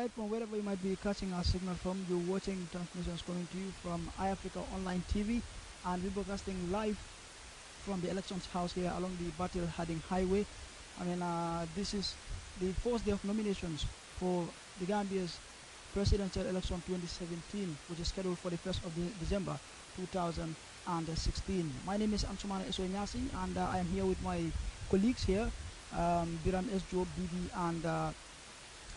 right from wherever you might be catching our signal from you're watching transmissions coming to you from iAfrica online TV and we're broadcasting live from the elections house here along the battle Hadding highway I mean uh, this is the fourth day of nominations for the Gambia's presidential election 2017 which is scheduled for the 1st of December 2016 my name is Ansumana Eswenyasi and uh, I am here with my colleagues here um, Biram S. Job, and uh,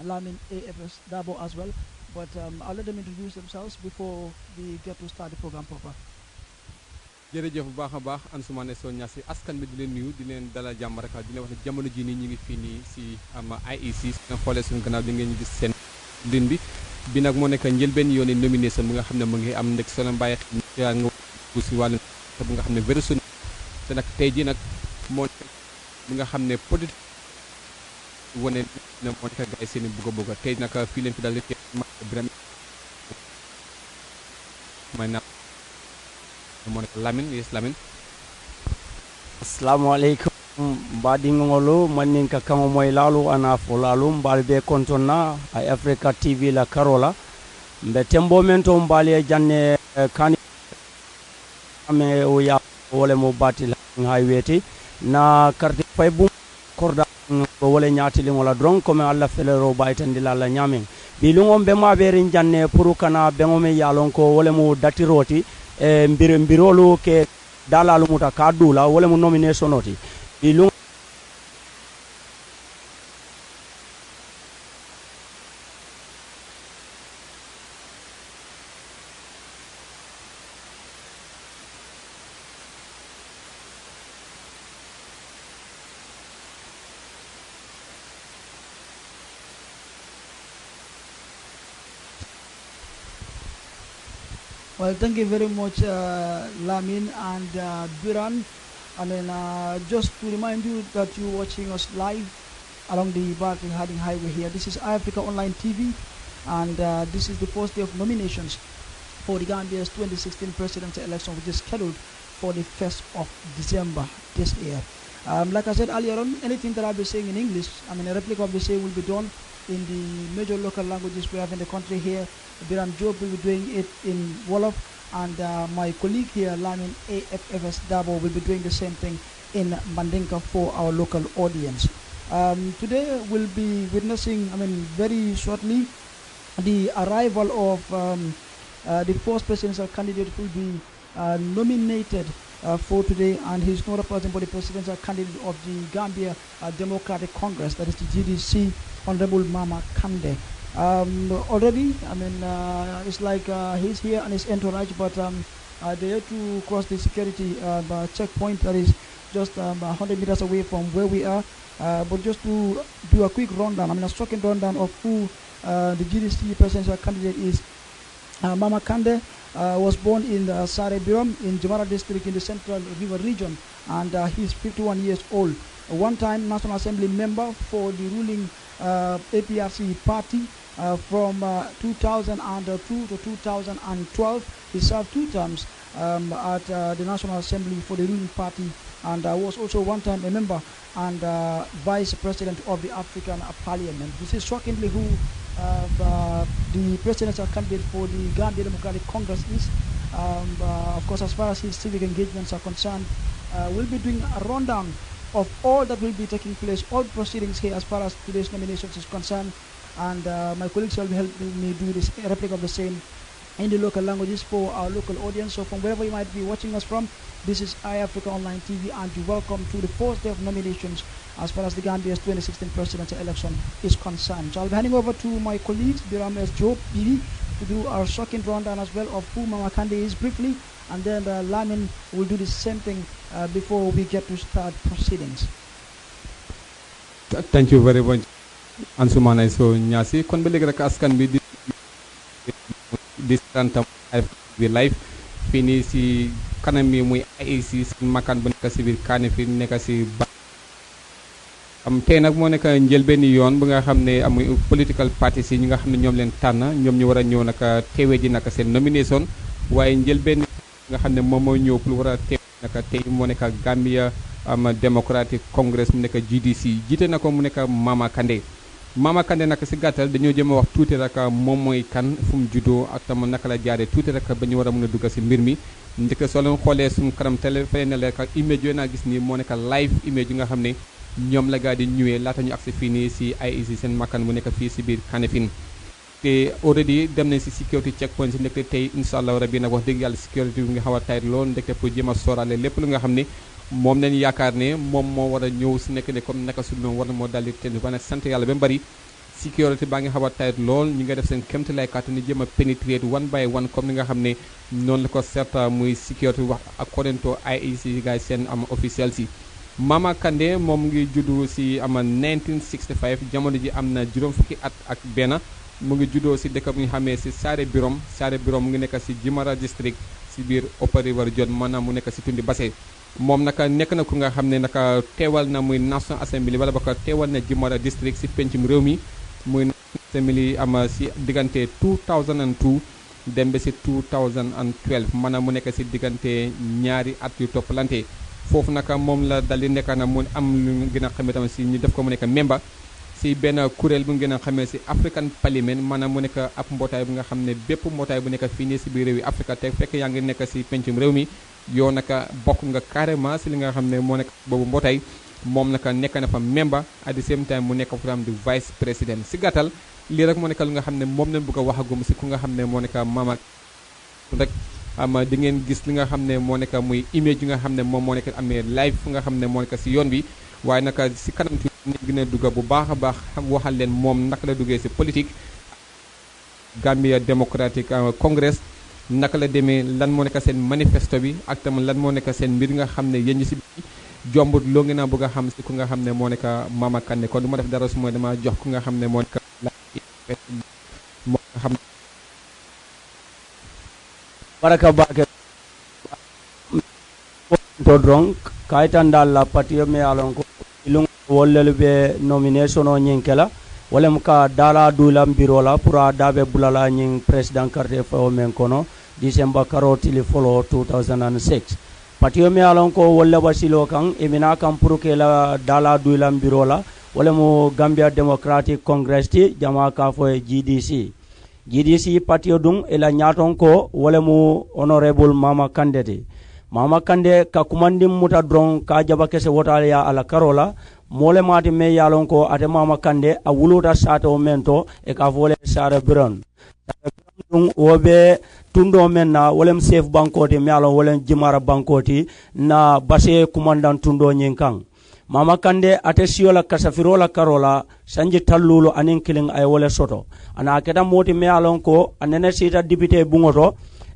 Lamin AFS Dabo as well. But um, I'll let them introduce themselves before we get to start the program proper. jërëjëf bu baax a baax Ansoumane Sonia si askan bi di leen nuyu di leen dalal jàmm rek di leen wax ne jamono jii nii ñu ngi fii nii si am IEC si xoolee suñu gannaaw di ngeen gis seen lin bi bi nag moo nekk njël benn yoon yi nomination bi nga xam ne mu ngi am ndek solo mbàyyi yaa nga si wàllu bu nga xam ne vérison te nag tey jii nag moo nekk bi nga xam ne politique wane ne moo nekk seen ka kango moye laalu ana fo laalu mbaali kontonna a africa tv la karola mbe tembo men to mbaali janne eh, kani ame o ya wole mo bati la na carte pay bum korda ko wole ñaatiliŋola doroŋ komi alla felero bayitandila alla ñaameŋ biliŋo be ma beeriŋ janne pour kana beŋo meŋ ye a ko wo le mu datiro ti eh, mbirolu ke dalalu muta ka duu la wo le mu nominationo ti biliŋo thank you very much, uh, Lamin and uh, I And then uh, just to remind you that you're watching us live along the Barclay Harding Highway here. This is Africa Online TV, and uh, this is the first day of nominations for the Gambia's 2016 presidential election, which is scheduled for the 1st of December this year. Um, like I said earlier on, anything that I'll be saying in English, I mean, a replica of the same will be done in the major local languages we have in the country here. Biram Job will be doing it in Wolof, and uh, my colleague here, Lamin AFFS Dabo, will be doing the same thing in Mandinka for our local audience. Um, today we'll be witnessing, I mean, very shortly, the arrival of um, uh, the first presidential candidate who will be uh, nominated uh, for today, and he's not a person but the presidential candidate of the Gambia uh, Democratic Congress, that is the GDC. Honorable Mama Kande. Um, already, I mean, uh, it's like uh, he's here and his entourage, but um, uh, they had to cross the security uh, checkpoint that is just um, 100 meters away from where we are. Uh, but just to do a quick rundown, I mean, a striking rundown of who uh, the GDC presidential candidate is. Mama Kande was born in uh, Sare Biram in Jamara district in the Central River region, and he's 51 years old. one time National Assembly member for the ruling uh, APRC party uh, from uh, 2002 to 2012. He served two terms um, at the National Assembly for the ruling party and uh, was also one time a member and uh, vice president of the African Parliament. This is shockingly who um, uh, the presidential candidate for the Gambia Democratic Congress is. Um, of course, as far as his civic engagements are concerned, we'll be doing a rundown of all that will be taking place, all proceedings here as far as today's nominations is concerned. And uh, my colleagues will help me do this replica of the same in the local languages for our local audience. So from wherever you might be watching us from, this is iAfrica Online TV and you welcome to the fourth day of nominations as far as the Gambia's 2016 presidential election is concerned. So I'll be handing over to my colleagues, Biram S. Job, Bibi, to do our second rundown as well of who Mama Kande is briefly and then the uh, lineman will do the same thing uh, before we get to start proceedings. Thank you very much. Ansoumana Sow Niasse kon ba rek askan bi di di santam bi live si kanam bi muy AIC seen makaan bu nekk si biir kaane fi nekk si ba am tey nag moo nekk njëlbeen yoon bu nga xam ne political parties yi nga xam ne leen tànn ñoom ñu war ñëw nag teewee ji nag seen nomination waaye njëlbeen nga xam ne moom mooy ñëw pour war a teew naka tey moo nekk Gambia am Democratic Congress mu nekk GDC jiite na ko mu nekk Mama Kandeh Mama Kandeh nag si gàttal dañoo jëm a wax tuuti rek ah, moom mooy kan fu mu juddoo ak tam naka la jaare tuuti rek ba ñu war a mën a dugg si mbir mi njëkk soo leen xoolee suñu kanam télé fay na lekk ah, image yooyu naa gis nii moo nekk live image yi nga xam ne ñoom la gaa di ñëwee laata ñu agsi fii nii si ay si seen makkan mu nekk fii si biir Kanifing te already dem nañ si security checkpoint si ndekte tey incha allahu rabi wax dëgg yàlla sécurité bi nga xaw a lool ndekte pour jéem a sóoraale lépp lu nga xam ne moom nañ yaakaar ne moom moo war a ñëw si nekk ne comme naka su noonu war na moo daal sant yàlla ba mu bëri baa ngi xaw a lool ñu nga def seen kéemtalaay kàttan ni jéem a pénétrer one by one comme ni nga xam ne noonu la ko certa muy sécurité wax according to IEC gars seen am si Mama Kandeh moom ngi juddu si ama ji am na juróom fukki at ak benn mu ngi juddoo si dëkk bu ñu xamee si Saare Birom Saare Birom mu ngi nekk si Jimara district si biir Upper River John maanaam mu nekk si tundi Basse moom naka nekk na ko nga xam ne naka teewal na muy National Assembly wala ba ko teewal na Jimara district si pencum réew mi muy National Assembly am si diggante 2002 dem dembe si 2012 maanaam mu nekk si diggante ñaari at yu toppalante foofu naka moom la dal di nekk na mu am lu gën a xamee tamit si ñu def ko mu nekk memba si benn kuréel bu ngeen a xamee si African Parliament maanaam mu nekk ab mbootaay bu nga xam ne bépp mbootaay bu nekk fii nii si biir réew yi Afrique te fekk yaa ngi nekk si pencum réew mi yow naka bokk nga carrément si li nga xam ne moo nekk boobu mbootaay moom naka nekk na fa member at the same time mu nekk fa tam si gàttal lii rek moo nekk lu nga xam ne moom lañ bëgg a waxagum si ku ne moo nekk Mama rek ama di ngeen gis li nga xam ne moo nekk muy image yi nga xam ne moom moo nekk amee live fu nga xam ne moo nekk si yoon bi waaye naka si kanam ñu gën ne dugg bu baax a baax waxal leen moom naka la duggee si politique. Gambia Democratic euh, Congress naka la demee lan moo nekk seen manifesto bi ak tam lan moo nekk seen mbir nga xam ne yéen ñi si biir jombut loo ngeen a bëgg xam si ku nga xam ne moo nekka Mama Kandeh kon du ma def dara su ma jox ku nga xam ne moo nekk moo nga xam. baraka baake to drong la patio me alon ko wollelu be nomination o ñiŋ ke la wolem ka daala duulan biro la pour a daa be bulala ñiŋ président carte fayo meŋ kono disemba karo tili folo 2006 patiyo me a lon ko wolle wasilo kaŋ i mina kaŋ pour ke la daala duulan biro la wolemu gambia democratic congress ti jama ka fo ye gdc gdc patiyo duŋ i la ñaaton ko wolemu honorable mama kande ti mama kande ka kumandin muta doroŋ ka jaba kese wotale ya ala karo la mole mati me yalon ko ate mama kande a wulota sato mento to e ka vole sara bron dum woɓe tundo men na wolem chef bankoti mi alon wolem jimara bankoti na basse commandant tundo nyinkang mama kande ate siola kasafirola karola sanji tallulu anen kiling ay wole soto ana keta moti mi alon ko anene sita député bungoto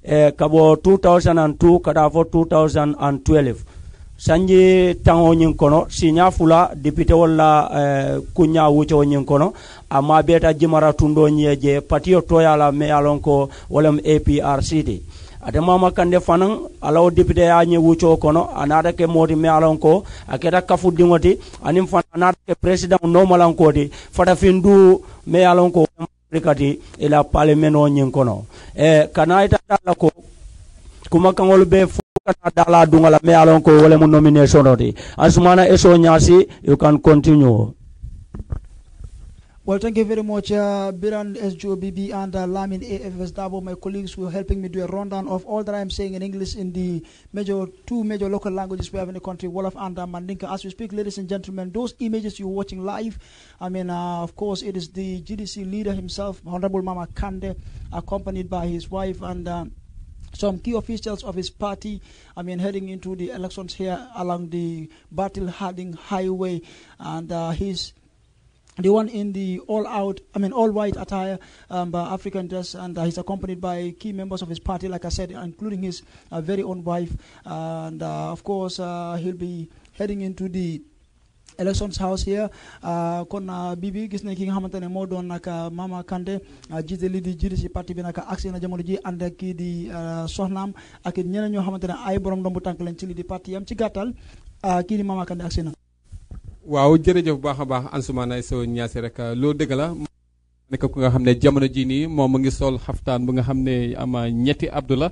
e eh, kabo 2002 kada fo 2012 sanji tango ñiŋ kono siña fula député la eh, kuña wucoo kono amma beta jimara tundo ñiye je patiyo toya la me ye lon ko wolem aprc ti ate mama kande fanaŋ ala député ya ñe wucoo kono anada ke mooti me ye ko a kafu dingoti ti aniŋ fana a naata ke peresidaŋo nomalanko ti fatafin du me ye ko afrika ti ila kono eh, kanaita dalako kuma kangol be kana dala dungala me alon ko wala mu nomination odi asumana eso nyasi you can continue Well, thank you very much, uh, Biran SJOBB and uh, Lamin AFS Dabo. My colleagues were helping me do a rundown of all that I'm saying in English in the major two major local languages we have in the country, Wolof and uh, Mandinka. As we speak, ladies and gentlemen, those images you're watching live, I mean, uh, of course, it is the GDC leader himself, Honorable Mama Kande, accompanied by his wife and uh, some key officials of his party, I mean, heading into the elections here along the Battle Harding Highway, and uh, he's the one in the all-out, I mean, all-white attire, um, uh, African dress, and uh, he's accompanied by key members of his party, like I said, including his uh, very own wife, and uh, of course uh, he'll be heading into the elections house here uh, kon bii uh, bi gis ne ki nga xamante ne moo doon nag uh, Mama Kandeh jiite lii di jiite si parti bi nag agsi na jamono ji ànd ak kii di soxnaam ak ñeneen ñoo xamante ne ay borom bu tànk lañ ci lii di parti yam ci gàttal kii di Mama Kandeh na. waaw jërëjëf baax a baax Ansoumana Sow Niasse rek loo dëgg la. nekk ku nga xam ne jamono jii nii moom mu ngi sol xaftaan bu nga xam ne ama ñetti abdula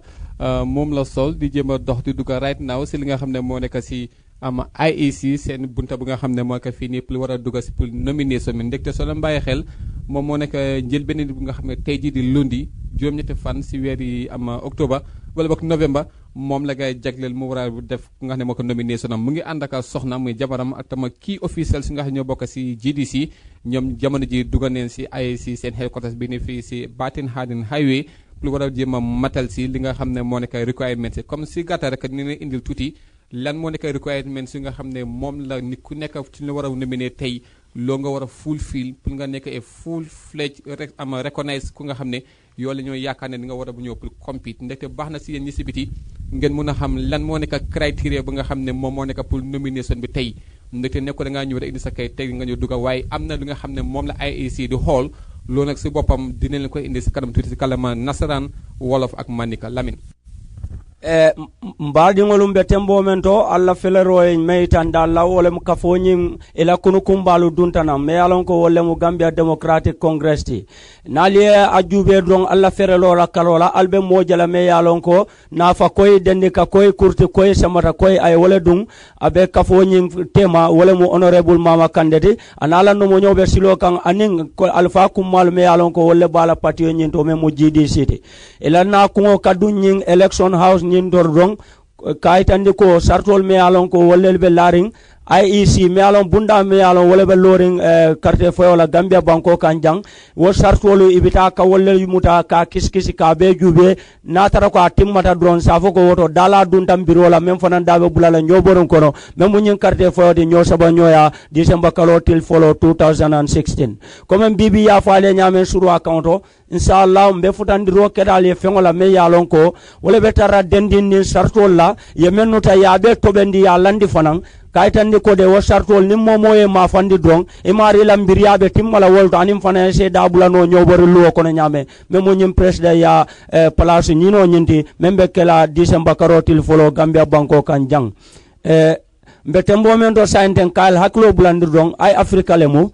moom la sol di jéem a dox di dugg right now si li nga xam ne moo nekk si. am IEC seen bunta bu nga xam ne moo ko fii nii pour war a dugg si pour nominer sa mbir ndegte solo mbaye xel moom moo nekk njël beneen bu nga xam ne tey jii di lundi juróom ñetti fan si weer yi am octobre wala boog novembre moom la gaay jagleel mu war a def nga xam ne moo ko nominer sa mu ngi ànd ak soxna muy jabaram ak tamit kii officiel si nga xam ne ñoo bokk si GDC ñoom jamono ji dugal nañ si IEC seen headquarters bi ni fii si Batin Hadin Highway pour war a jéem a matal si li nga xam ne moo nekk requirement comme si gàttal rek ni ne indil tuuti. lan moo nekk requirement si nga xam ne moom la nit ku nekk ci la war a nominé tey loo nga war a fulfill pour nga nekk e full fledge am recognize ku nga xam ne yoo la ñoo yaakaar ne di nga war bu ñëw pour compete ndaxte na si yéen ñi si biti ngeen mun a xam lan moo nekk criteria ba nga xam ne moom moo nekk pour nomination bi tey ndaxte nekko da ngaa ñëw rek sa kay tey nga ñëw dugga waaye am na li nga xam ne moom la IEC di xool loolu nag si boppam dina leen koy indi si kanam tuuti si kàllaama nasaraan wolof ak manika lamin Eh, e mbaadiŋolum be temboo meŋ to alla feleroye meyitanda alla wo lemu kafoñiŋ ila kunu kumbaalu duntana me ye ko wo lemu gambia democratic congress ti naali ye a juubee doŋ alla ferelo la kalo la ali be moo je la me ye lonko naafa koyi dendi ka koyi kurti koyi semata koyi a ye wo le duŋ a be kafoñiŋ tema wo lemu honorable mama kande ti ana la nomoñoo be siloo kaŋ aniŋ alifa kummaalu me ye ko wo le baa la patiyo ñiŋ to meŋ mu gdc ti ila naa kuŋo ka duŋ ñiŋ election house ñin dor dong kayitandi ko sartol me alon ko wallel be laring IEC me alon bunda me alon wala be lorin carte eh, uh, Gambia banko kan jang wo sartolu ibita ka wala yumuta ka kiskisi ka be jube na tara ko atimmata dron safo ko woto dala dun biro la mem fanan dabe bulala nyoboron kono mem mu nyin carte foy nyo saba nyoya december kalo til folo 2016 comme bibi ya faale nyamen suru accounto inshallah mbe futandiro kedal ye fengola me yalon ko wala tara dendin ni sartol la ye mennuta tobendi ya landi fanan kayitandi kode wo sartol nin momo ye mafandi dong i maari la mbiriyaɓe timmala wolto anin fana se dabulano ñowbori luwo kono ñame men mo ñin presida ya eh, place ñino ñinti men be kela disemba karotil folo gambia banko kan jang eh, mbe tembo men do sainten kal hakkilo bulandir dong ay africa le mu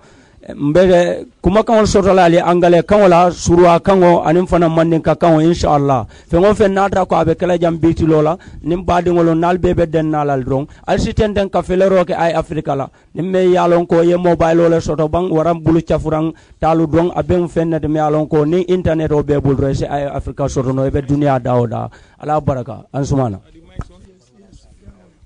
mbere kuma kaŋol sotala ali angale kaŋo la suruwa kaŋo aniŋ fana mandinka kaŋo inshallah feŋo feŋ naata ko a be kela jam bitilo la niŋ baadiŋolo naal bee be denna la doroŋ ali si tenten kafelero ke ay afirika la niŋ me ye a ko ye mobayilo le soto baŋ wara bulu cafuraŋ taalu doroŋ a beŋ feŋ nete me ye a loŋ ko niŋ internet bee bulu doroŋ i si ay afirika sotono i be duniyaa dawo daa ala baraka ansumana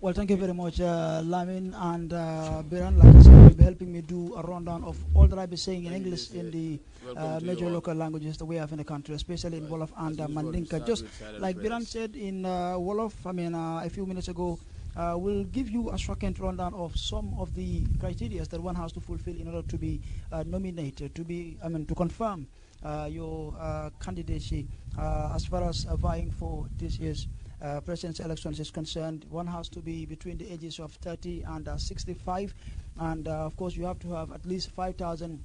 Well, thank you very much, uh, Lamin and uh, Biran. Like I said, will be helping me do a rundown of all that I'll be saying in English in the uh, major local languages that we have in the country, especially in Wolof and uh, Mandinka. Just like Biran said in uh, Wolof, I mean, uh, a few minutes ago, uh, we'll give you a shocking rundown of some of the criteria that one has to fulfill in order to be uh, nominated, to be, I mean, to confirm uh, your uh, candidacy uh, as far as vying for this year's uh, presidential elections is concerned, one has to be between the ages of 30 and uh, 65. And uh, of course, you have to have at least 5,000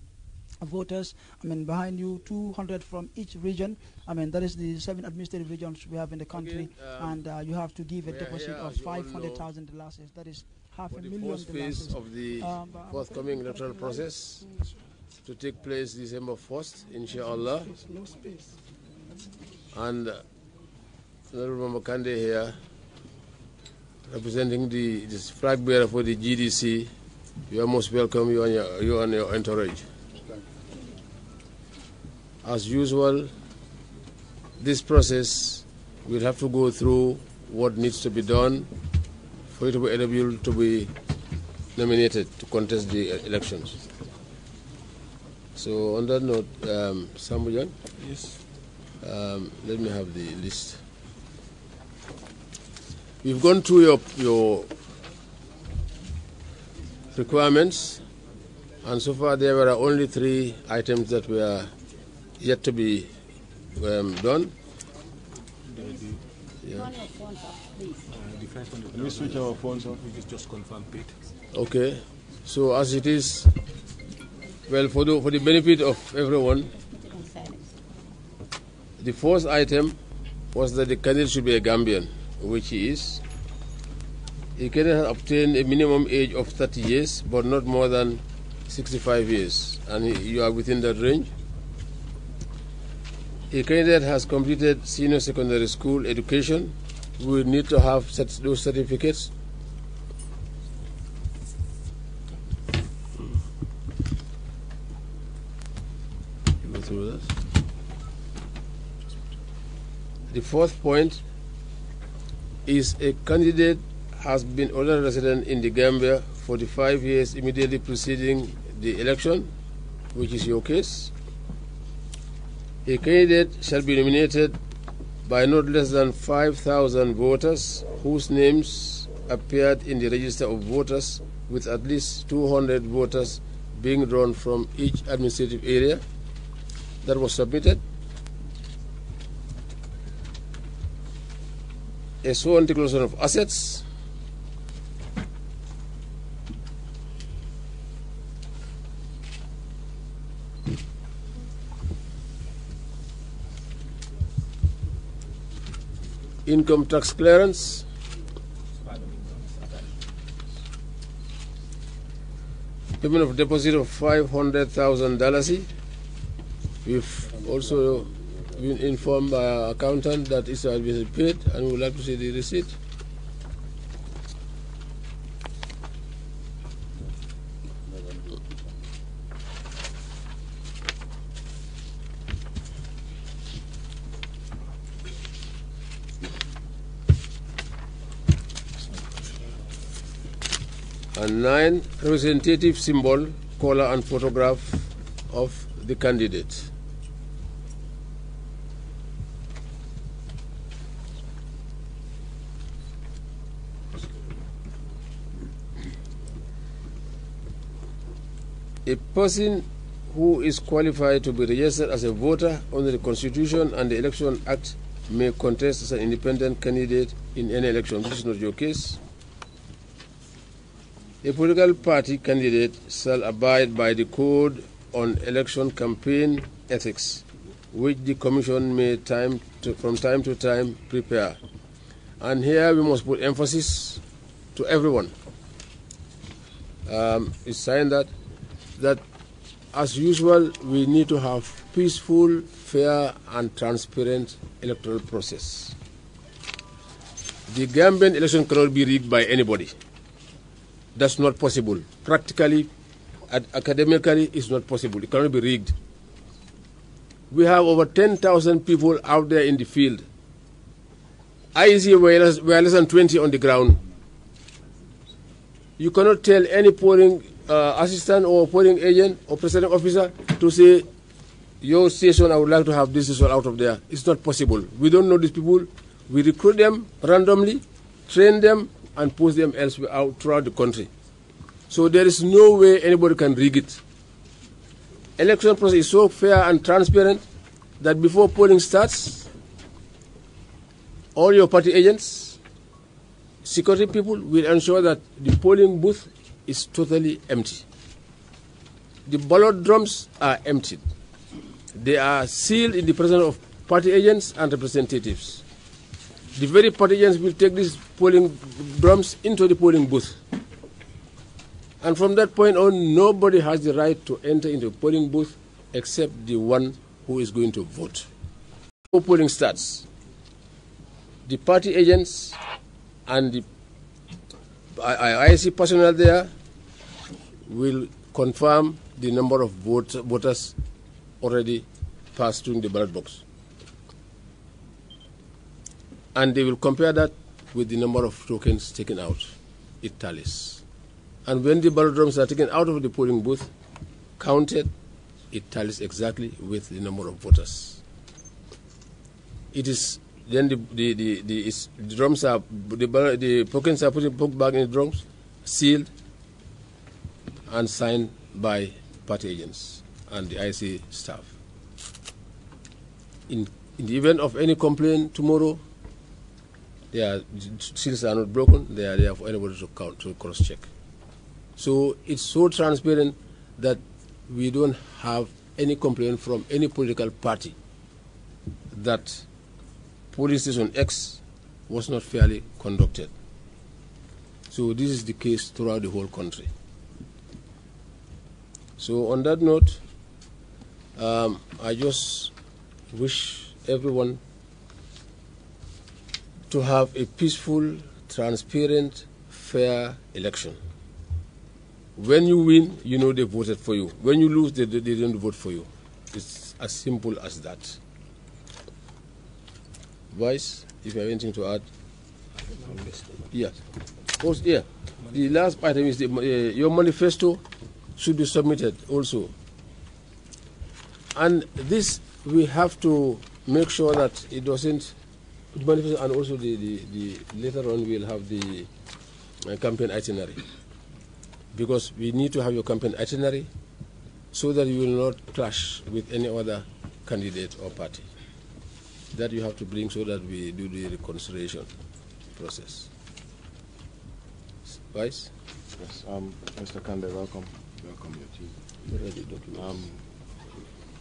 voters, I mean, behind you, 200 from each region. I mean, that is the seven administrative regions we have in the country. um, and uh, you have to give a deposit of 500,000 dollars. That is half a million dollars. The first phase of the um, uh, forthcoming electoral process to take place December 1st, inshallah. And uh, Honorable Makande here, representing the, the flag bearer for the GDC. You are most welcome, you and your, you and your entourage. As usual, this process will have to go through what needs to be done for you to be eligible to be nominated to contest the elections. So on that note, um, Sambujan? Yes. Um, let me have the list. You've gone through your, your requirements, and so far there were only three items that were yet to be um, done. Yeah. Can we switch our phones off? We just confirm paid. Okay. So as it is, well, for the, for the benefit of everyone, the fourth item was that the candidate should be a Gambian which is a candidate has obtained a minimum age of 30 years, but not more than 65 years, and you are within that range. A candidate has completed senior secondary school education. We need to have those certificates. The fourth point is a candidate has been already resident in the Gambia for the five years immediately preceding the election, which is your case. A candidate shall be nominated by not less than 5,000 voters whose names appeared in the register of voters with at least 200 voters being drawn from each administrative area that was submitted a sworn declaration of assets income tax clearance payment of deposit of $500,000 we've also been informed by our accountant that it has been paid and we would like to see the receipt. And nine, representative symbol, color, and photograph of the candidate. a person who is qualified to be registered as a voter under the Constitution and the Election Act may contest as an independent candidate in any election. This is not your case. A political party candidate shall abide by the Code on Election Campaign Ethics, which the Commission may time to, from time to time prepare. And here we must put emphasis to everyone. Um, it's signed that that, as usual, we need to have peaceful, fair, and transparent electoral process. The Gambian election cannot be rigged by anybody. That's not possible. Practically, academically, it's not possible. It cannot be rigged. We have over 10,000 people out there in the field. I see we we're less than 20 on the ground. You cannot tell any polling uh, assistant or polling agent or presiding officer to say, your station, I would like to have this station out of there. It's not possible. We don't know these people. We recruit them randomly, train them, and post them elsewhere out throughout the country. So there is no way anybody can rig it. Election process is so fair and transparent that before polling starts, all your party agents, security people will ensure that the polling booth is totally empty. The ballot drums are emptied. They are sealed in the presence of party agents and representatives. The very party agents will take these polling drums into the polling booth. And from that point on, nobody has the right to enter into a polling booth except the one who is going to vote. Before polling starts, the party agents and the IC personnel there will confirm the number of voters already passed through the ballot box. And they will compare that with the number of tokens taken out. It tallies. And when the ballot drums are taken out of the polling booth, counted, it tallies exactly with the number of voters. It is then the the the, the, the drums are the the pockets are put, put bag in the drums, sealed, and signed by party agents and the IC staff. In in the event of any complaint tomorrow, the seals are not broken. They are there for anybody to count to cross check. So it's so transparent that we don't have any complaint from any political party that polling station X was not fairly conducted. So this is the case throughout the whole country. So on that note, um, I just wish everyone to have a peaceful, transparent, fair election. When you win, you know they voted for you. When you lose, they, they didn't vote for you. It's as simple as that. Vice, if you have anything to add. Yes. Also, yeah. The last item is the, uh, your manifesto should be submitted also. And this, we have to make sure that it doesn't manifest, and also the, the, the later on we'll have the uh, campaign itinerary. Because we need to have your campaign itinerary so that you will not clash with any other candidate or party that you have to bring so that we do the reconciliation process. Vice? Yes, um, Mr. Kande, welcome. Welcome, your team. Um,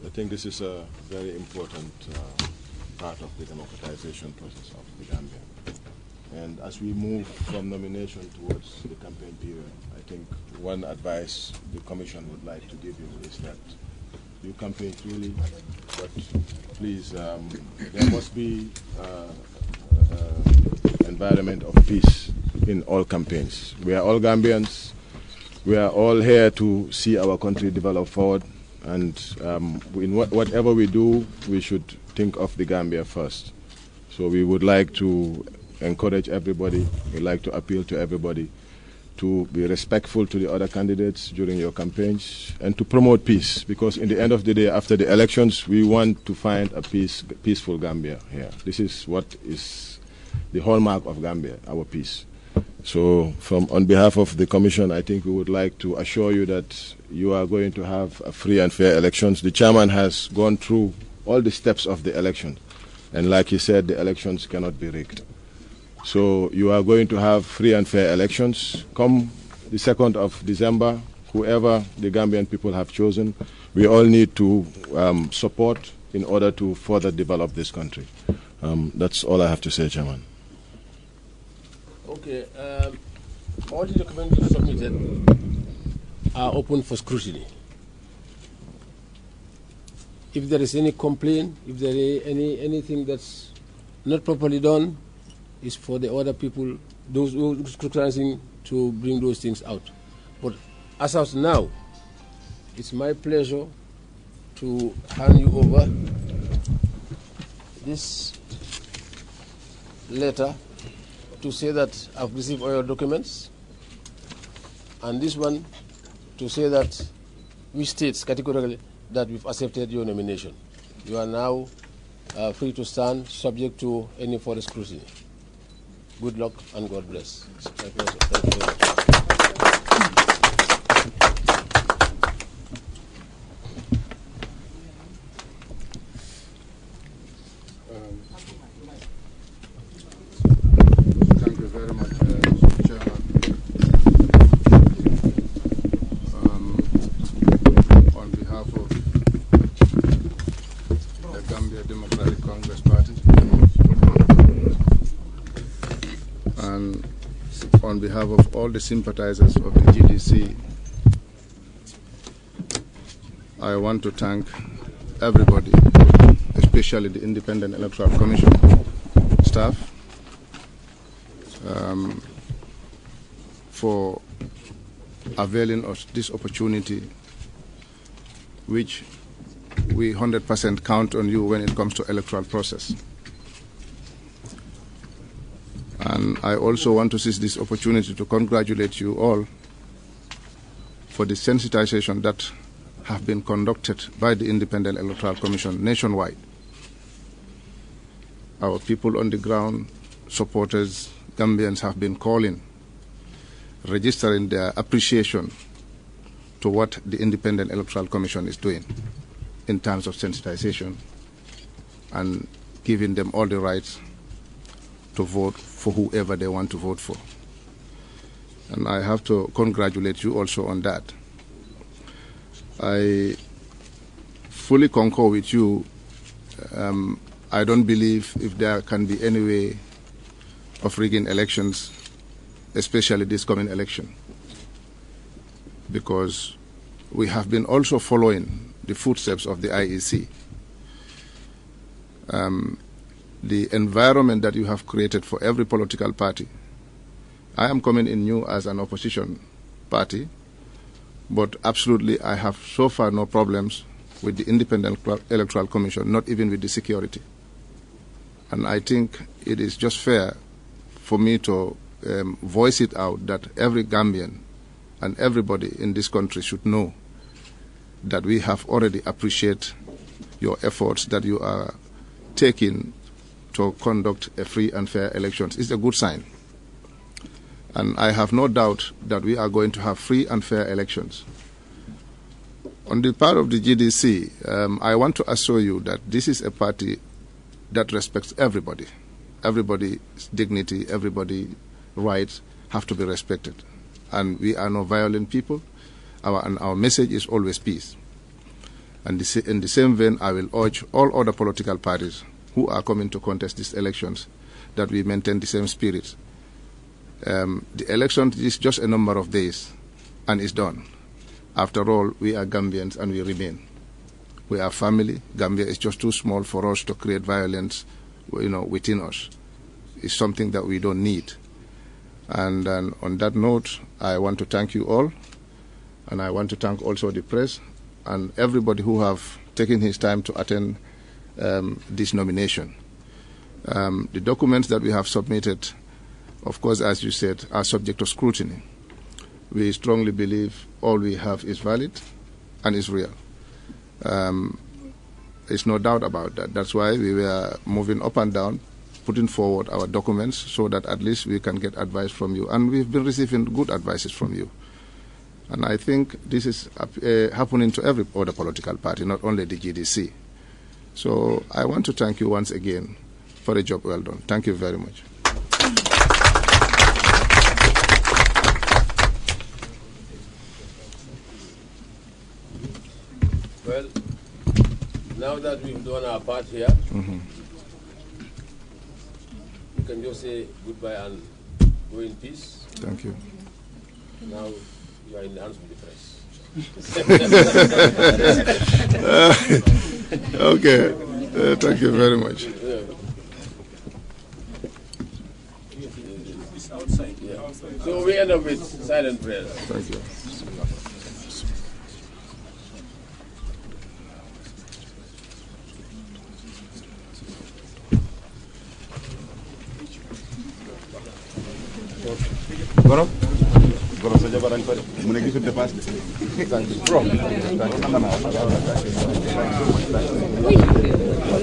I think this is a very important uh, part of the democratization process of the Gambia. And as we move from nomination towards the campaign period, I think one advice the Commission would like to give you is that you campaign freely, but please, um, there must be uh, uh, environment of peace in all campaigns. We are all Gambians. We are all here to see our country develop forward. And um, in wh whatever we do, we should think of the Gambia first. So we would like to encourage everybody. We like to appeal to everybody to be respectful to the other candidates during your campaigns and to promote peace because in the end of the day after the elections we want to find a peace peaceful Gambia here this is what is the hallmark of Gambia our peace so from on behalf of the commission I think we would like to assure you that you are going to have a free and fair elections the chairman has gone through all the steps of the election and like he said the elections cannot be rigged so you are going to have free and fair elections. Come the 2nd of December, whoever the Gambian people have chosen, we all need to um, support in order to further develop this country. Um, that's all I have to say, Chairman. Okay. Um, all the documents submitted are open for scrutiny. If there is any complaint, if there is any, anything that's not properly done, is for the other people, those who scrutinizing, to bring those things out. But as of now, it's my pleasure to hand you over this letter to say that I've received all your documents, and this one to say that we state categorically that we've accepted your nomination. You are now uh, free to stand, subject to any further scrutiny. Good luck and God bless. Thank you. Thank you. on behalf of all the sympathizers of the GDC, I want to thank everybody, especially the Independent Electoral Commission staff, um, for availing us this opportunity, which we 100% count on you when it comes to electoral process. And I also want to seize this opportunity to congratulate you all for the sensitization that have been conducted by the Independent Electoral Commission nationwide. Our people on the ground, supporters, Gambians have been calling, registering their appreciation to what the Independent Electoral Commission is doing in terms of sensitization and giving them all the rights to vote for whoever they want to vote for. And I have to congratulate you also on that. I fully concur with you. Um, I don't believe if there can be any way of rigging elections, especially this coming election, because we have been also following the footsteps of the IEC. Um, the environment that you have created for every political party. I am coming in new as an opposition party, but absolutely I have so far no problems with the Independent Electoral Commission, not even with the security. And I think it is just fair for me to um, voice it out that every Gambian and everybody in this country should know that we have already appreciated your efforts that you are taking to conduct a free and fair elections. It's a good sign. And I have no doubt that we are going to have free and fair elections. On the part of the GDC, um, I want to assure you that this is a party that respects everybody. Everybody's dignity, everybody's rights have to be respected. And we are no violent people. Our, and our message is always peace. And in the same vein, I will urge all other political parties who are coming to contest these elections that we maintain the same spirit. Um, the election is just a number of days and it's done. After all, we are Gambians and we remain. We are family. Gambia is just too small for us to create violence, you know, within us. It's something that we don't need. And, and on that note, I want to thank you all, and I want to thank also the press and everybody who have taken his time to attend um, this nomination. Um, the documents that we have submitted, of course, as you said, are subject to scrutiny. We strongly believe all we have is valid and is real. Um, there's no doubt about that. That's why we were moving up and down, putting forward our documents so that at least we can get advice from you. And we've been receiving good advices from you. And I think this is uh, happening to every other political party, not only the GDC. So I want to thank you once again for a job well done. Thank you very much. Well, now that we've done our part here, mm -hmm. we can just say goodbye and go in peace. Thank you. Now you are in the hands of the press uh, okay. Uh, thank you very much. So we end up with silent prayers. Thank you. Bueno goro sa jabar mu ne gisul dépasse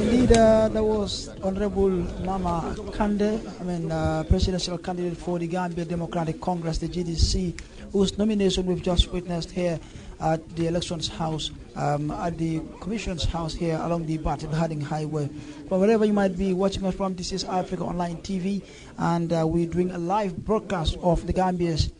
leader that was honorable mama kande i mean uh, presidential candidate for the gambia democratic congress the gdc whose nomination we've just witnessed here at the elections house, um, at the commission's house here along the Bat Harding Highway. But wherever you might be watching us from, this is Africa Online TV, and uh, we're doing a live broadcast of the Gambia's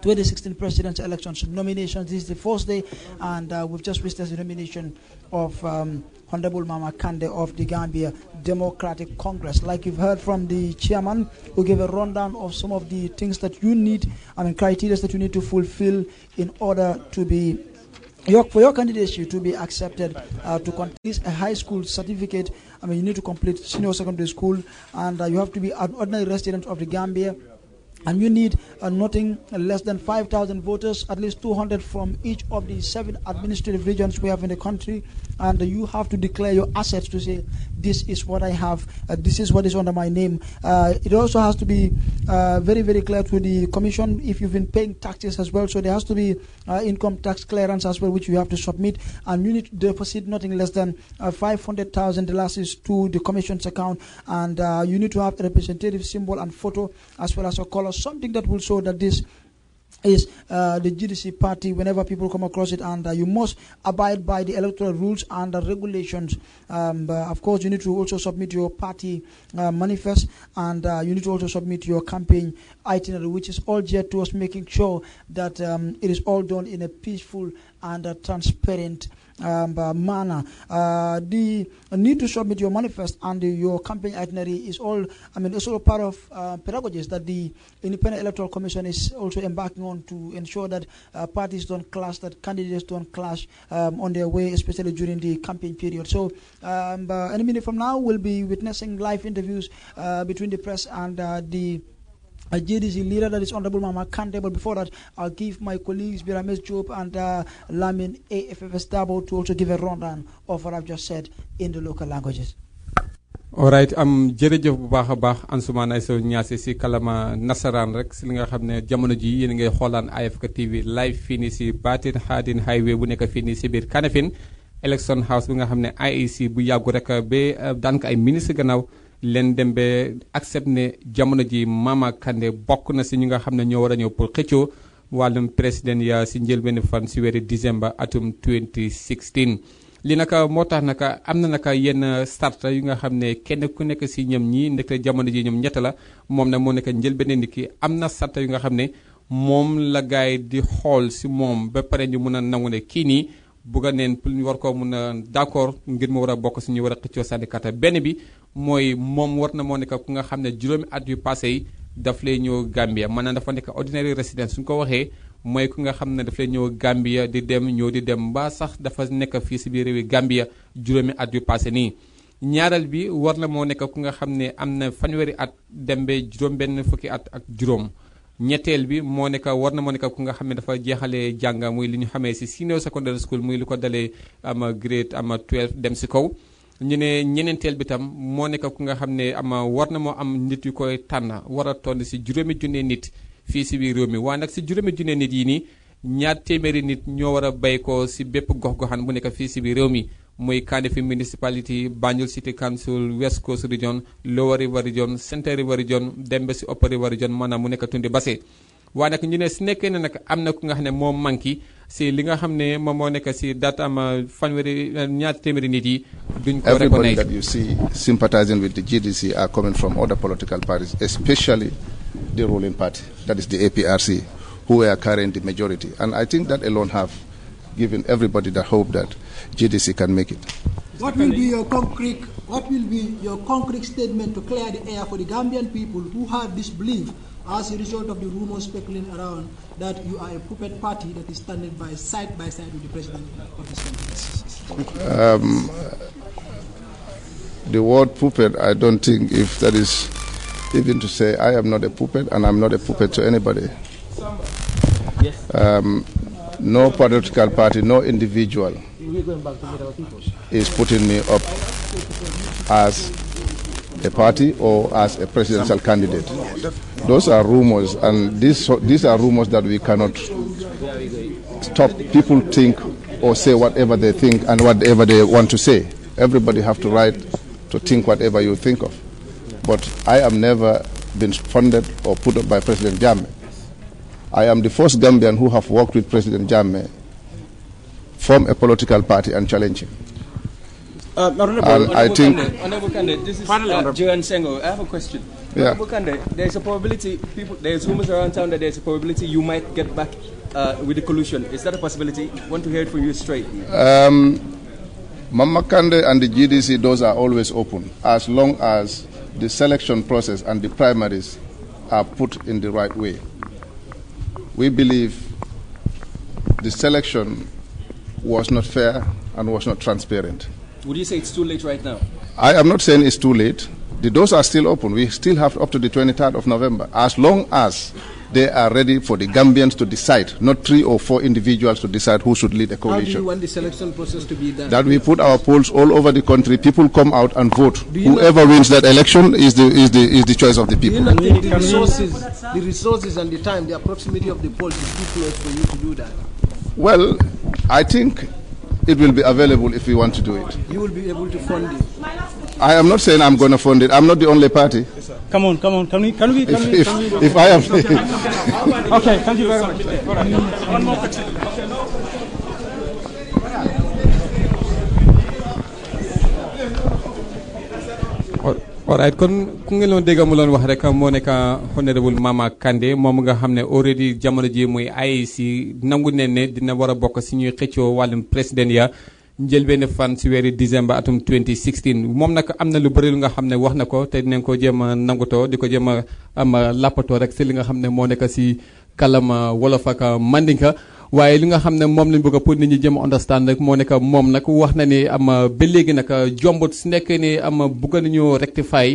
2016 presidential elections nominations. This is the fourth day, and uh, we've just witnessed the nomination of um, Honorable Mama Kande of the Gambia Democratic Congress. Like you've heard from the chairman, who gave a rundown of some of the things that you need, I mean, criteria that you need to fulfill in order to be your, for your candidacy to be accepted uh, to complete a high school certificate, I mean, you need to complete senior secondary school and uh, you have to be an ordinary resident of the Gambia and you need uh, nothing less than 5,000 voters, at least 200 from each of the seven administrative regions we have in the country, and you have to declare your assets to say this is what I have, uh, this is what is under my name. Uh, it also has to be uh, very very clear to the commission if you've been paying taxes as well. So there has to be uh, income tax clearance as well, which you have to submit, and you need to deposit nothing less than uh, five hundred thousand dollars to the commission's account, and uh, you need to have a representative symbol and photo as well as a color, something that will show that this is uh, the GDC party whenever people come across it, and uh, you must abide by the electoral rules and the regulations. Um, of course, you need to also submit your party uh, manifest, and uh, you need to also submit your campaign itinerary, which is all geared towards making sure that um, it is all done in a peaceful and uh, transparent um, manner. Uh, the need to submit your manifest and your campaign itinerary is all, I mean, it's all part of uh, pedagogies that the Independent Electoral Commission is also embarking on to ensure that uh, parties don't clash, that candidates don't clash um, on their way, especially during the campaign period. So, um, any minute from now, we'll be witnessing live interviews between the press and the JDC leader, that is Honorable Mama Kande. But before that, I'll give my colleagues Birames Job and uh, Lamin AFFS Dabo to also give a rundown of what I've just said in the local languages. alright right. am jërëjëf bu baax a baax Ansumana Sow Niasse si kalama nasaraan rek si li nga xam ne jamono ji yéen ngay xoolaan AFK TV live fii nii si Hadin Highway bu nekk fii nii si biir Election House bi nga xam IEC bu yàggu rek ba uh, daan ko ay ministre gannaaw leen dem ba accepté ne jamono ji Mama Kandeh bokk na si ñu nga xam ne ñoo war a ñëw pour xëccoo wàllum président ya si njëlbéen fan si weeri décembre atum 2016. li naka moo tax naka am na naka yenn sarta yu nga xam ne kenn ku nekk si ñoom ñii nekk jamono ji ñoom ñett la moom nag moo nekk njëlbéen nit ki am na sarta yu nga xam ne moom la gaay di xool si moom ba pare ñu mun a nangu ne kii nii. bugga neen pour ñu war koo mun a d'accord ngir mu war a bokk suñu war a xëccoo sànni benn bi mooy moom war na moo nekk ku nga xam ne juróomi at yu passé yi daf lay ñëw Gambia maanaam dafa nekk ordinary resident suñ ko waxee mooy ku nga xam ne daf lay ñëw Gambia di dem ñëw di dem ba sax dafa nekk fii si biir réewi Gambia juróomi at yu passé nii. ñaareel bi war na moo nekk ku nga xam ne am na fanweeri at dem juróom benn fukki at ak juróom ñetteel bi moo nekk war na moo nekk ku nga xam ne dafa jeexalee jàng muy li ñu xamee si senior secondary school muy lu ko dalee ama grade ama 12 dem si kaw. ñu ne ñeneenteel bi tam moo nekk ku nga xam ne ama war na moo am nit yu koy tànn war a toll si juróomi junne nit fii si biir réew mi waaye nag si juróomi junne nit yi nii ñaar téeméeri nit ñoo war a bay ko si bépp gox-goxaan bu nekk fii si biir réew mi muy Kanifing municipality Banjul City Council West Coast Region Lower River Region Central River Region Dembe si Upper River Region maanaam mu nekk Tundi Basse waaye nag ñu ne si nekkee ne nag am na ku nga xam ne moo manqué si li nga xam ne moom moo nekk si am euh, fanweeri euh, téeméeri nit yi. duñ ko everybody that you see sympathizing with the GDC are coming from other political parties especially the ruling party that is the APRC who are carrying the majority and I think that alone have given everybody the hope that GDC can make it. What will be your concrete what will be your concrete statement to clear the air for the Gambian people who have this belief as a result of the rumors speculating around that you are a puppet party that is standing by side by side with the president of this country. Um, the word puppet, I don't think if that is even to say I am not a puppet and I'm not a puppet to anybody. Um, no political party, no individual is putting me up as a party or as a presidential candidate. Those are rumors, and these, these are rumors that we cannot stop. People think or say whatever they think and whatever they want to say. Everybody have to right to think whatever you think of. But I have never been funded or put up by President Jame. I am the first Gambian who have worked with President Jame, form a political party and challenge him. Uh, Honorable, i think Honorable Kande, this is uh, Sengo. I have a question. Yeah. Honorable there's a probability, people, there's rumors around town that there's a probability you might get back uh, with the collusion. Is that a possibility? Want to hear it from you straight. Um, Mama Kande and the GDC doors are always open as long as the selection process and the primaries are put in the right way. We believe the selection was not fair and was not transparent. Would you say it's too late right now? I am not saying it's too late. The doors are still open. We still have up to the 23rd of November. As long as they are ready for the Gambians to decide, not three or four individuals to decide who should lead the coalition. How do you want the selection process to be done? That we put our polls all over the country. People come out and vote. Whoever wins that election is the is the is the choice of the people. The, the, resources, the resources and the time, the proximity of the polls is too close for you to do that. Well, I think it will be available if we want to do it. You will be able to fund it. I am not saying I'm going to fund it. I'm not the only party. Yes, come on, come on. Can we? Can we? Can if, we, can we, if I am. okay, thank you very much. One more question. What? alright kon ku ngeen doon dégg mu loon wax rek moo nekk honorable Mama Kandeh moom nga xam ne already jamono ji muy IEC nangu ne ne dina war a bokk si ñuy xëccoo wàllum président ya njëlbéen fan si weeri décembre atum 2016 moom nag am na lu bëri lu nga xam ne wax na ko te dinañ ko jéem a nangutoo di ko jéem a am làppatoo rek si li nga xam ne moo nekk si kalama wolof ak mandinka waaye li nga xam ne moom lañ bëgg pour nit ñi jëm understand rek moo nekk moom nag wax na ni am ba léegi nag jombut su nekkee ni am bëgg nañu rectify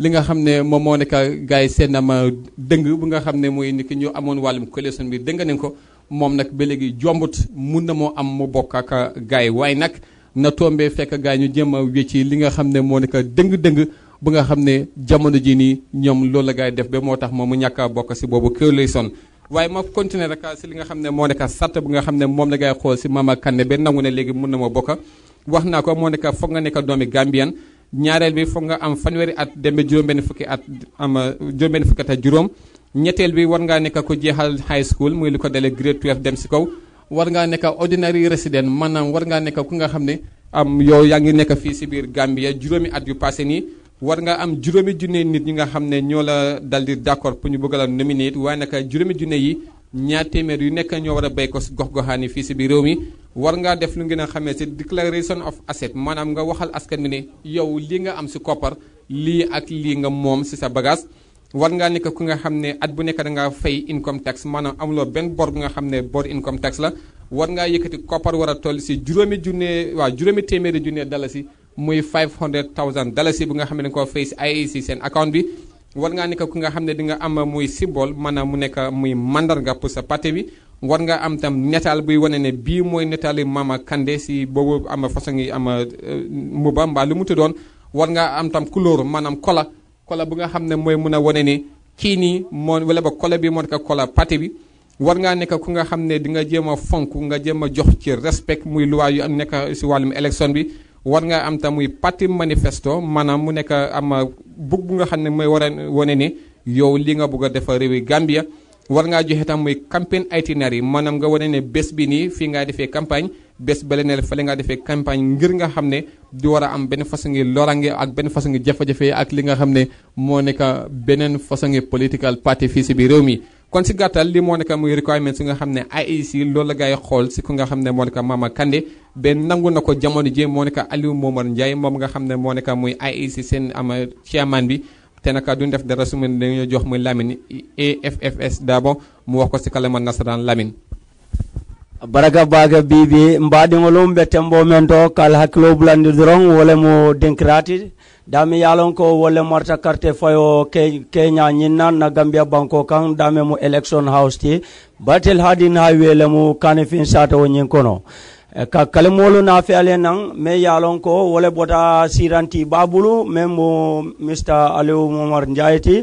li nga xam ne moom moo nekk gars yi seen am dëng bu nga xam ne mooy ni ki ñu amoon wàllum collection bi dëng nañ ko moom nag ba léegi jombut mun na moo am mu bokk ak gars yi waaye nag na tombee fekk gars ñu jëm a wécci li nga xam ne moo nekk dëng-dëng bu nga xam ne jamono ji nii ñoom loolu la gars def ba moo tax moom mu ñàkk a bokk si boobu collection waaye ma continuer rek si li nga xam ne moo nekk sart bi nga xam ne moom la ngay xool si Mama Kandeh ba nangu ne léegi mun na ma bokk wax naa ko moo nekk foog nga nekk doomi Gambien ñaareel bi foog nga am fanweeri at dem ba juróom-benn at am juróom-benn fukki ak juróom ñetteel bi war ngaa nekk ko jeexal high school muy li ko dalee grade 12 dem si kaw war ngaa nekk ordinary resident maanaam war ngaa nekk ku nga xam ne am yow yaa ngi nekk fii si biir Gambia juróomi at yu passé nii war nga am juróomi junne nit ñi nga xam ne ñoo la dal di d'accord pour ñu bëgg la nominer it waaye nag juróomi junne yi ñaar téeméer yu nekk ñoo war a béy ko si gox-goxaan yi fii si biir réew mi war ngaa def lu ngeen a xamee si declaration of asset maanaam nga waxal askan mi ne yow li nga am si koppar lii ak lii nga moom si sa bagage. war ngaa nekk ku nga xam ne at bu nekk da ngaa fay income tax maanaam amuloo benn bor bu nga xam ne bor income tax la war ngaa yëkkati koppar war a toll si juróomi junne waa juróomi téeméeri junne dalasi muy 500000 dalasi bu nga xam ne koo fay si IEC seen account bi. war ngaa nekk ku nga xam ne di nga am muy symbole maanaam mu nekk muy mandarga pour sa parti bi war nga am tam netaal buy wane ne bii mooy netaali Mama Kandeh si boobu am façon yi am euh, mbuba mbaa lu mu tuddoon. war ngaa am tam couleur maanaam kola kola bu nga xam ne mooy mun a wane ni kii nii moo wala ba kola bi moo nekk kola parti bi. war ngaa nekk ku nga xam ne di nga jéem a fonk nga jéem a jox ci respect muy loi yu am nekk si wàllum élection bi. war ngaa am tam muy parti manifesto maanaam mu nekk am bug bu nga xam ne mooy war a wane ne yow li nga bëgg a defar réewi Gambia war ngaa joxe tam muy campagne itinéraire maanaam nga wane ne bés bi nii fii ngaa defee campagne bés ba leneen fële ngaa defee campagne ngir nga xam ne di war a am benn façon ngi lorange ak benn façon ngi jafe-jafe ak li nga xam ne moo nekk beneen façon ngi political party fii si biir réew mi. kon si gàttal li moo nekk muy requirement si nga xam ne IEC loolu la ngay xool si ku nga xam ne moo nekk Mama Kandeh ben nangu na ko jamono je moo nekk Aliou Momar Ndiaye mom nga xam ne moo nekk muy aic sen ama chairman bi te naka duñ def dara su dañu jox muy Lamine AFFS Dabo mu wax ko si kalama nasran Lamine baraka baga bibi mbaɗiŋolum ɓe tembo men do kal hakkilo bulandi doron wole mo denkrati dami yalon ko wole morta carte fayo ke, kenya ñinna na gambia banko kan dame mo election house ti batel hadin ha wele mo kanifin sata o kono Eh, ka kalimolu naafeyale naŋ me ye a loŋ ko wo le bota siranti baa bulu meŋ mu mr aliou momar ndiaye ti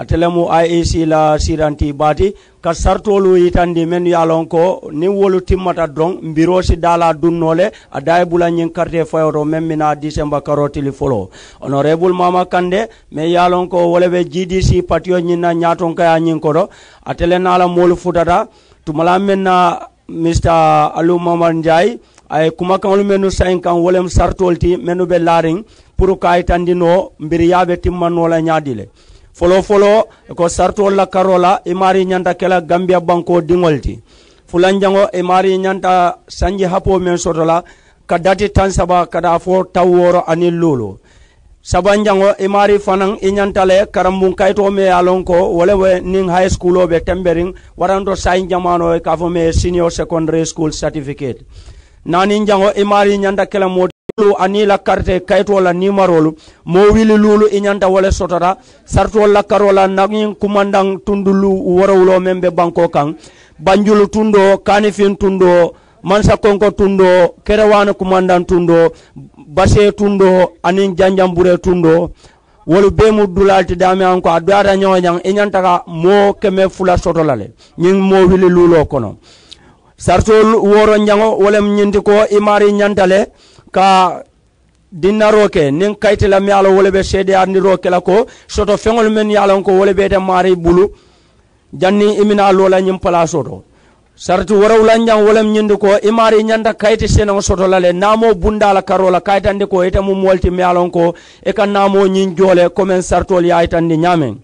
ate le mu iec la siranti baati ka sartolu yitandi meŋ ye a loŋ ko niŋ wolu timmata doroŋ mbiro si daala dunno le a daye bula ñiŋ karte fayoto meŋ mina disemba karo tili folo honorable mama kande me ye a loŋ ko wo le be gdc patiyo ñiŋ na ñaatonka ñiŋ koto ate le naala moolu futata tumala meŋ na mr aliou mamar ndiaye ay kumakaŋolu mennu sayin kaŋ wolem sartol ti mennu be laariŋ pour ka yitandino mbiri yaabe timmano la ñaadi le folo folo ko sartol la karo la i maari ñanta kela gambia banko diŋol ti fulanjaŋo i maari ñanta sanji hapo men soto la ka dati tan saba kada fo taw woro aniŋ luulu sabanjango i maari fanaŋ i ɲantale karambun kayito me ye a lon wo le we niŋ high school be temberiŋ waranto sayin jamano e ka fo me senior secondary school certificate naaniŋ jango i maari ɲanta kelemo lu ani la karte kayito la nimarolu mo wili lulu i ɲanta wo le sotota saritol la karo la naŋiŋ kumandaŋ tundulu worowulo meŋ be banko kaŋ banjulu tundo kanifin tundo mansa konko tundo kerewana kumandan tundo base tundo anin janjambure tundo wolu be mu dulalti dame an ko a doyata ñoo i ñantaka moo keme fula soto ñing moo wili luulo kono sartol woro ñango wolem ñinti ko i maari ñantale ka dinnaro nin kayti mi ala wole be seedeyarniro la ko soto feŋol men ye alan te maari bulu janni imina loola ñin pala soto sartu waraw la ñang wolem ñindi ko imari ñanda kayti senan soto lale namo bundala karola kaytandi ko ite mum wolti miyalon ko e ka namo ñin jole komen sartol yaytandi ñamen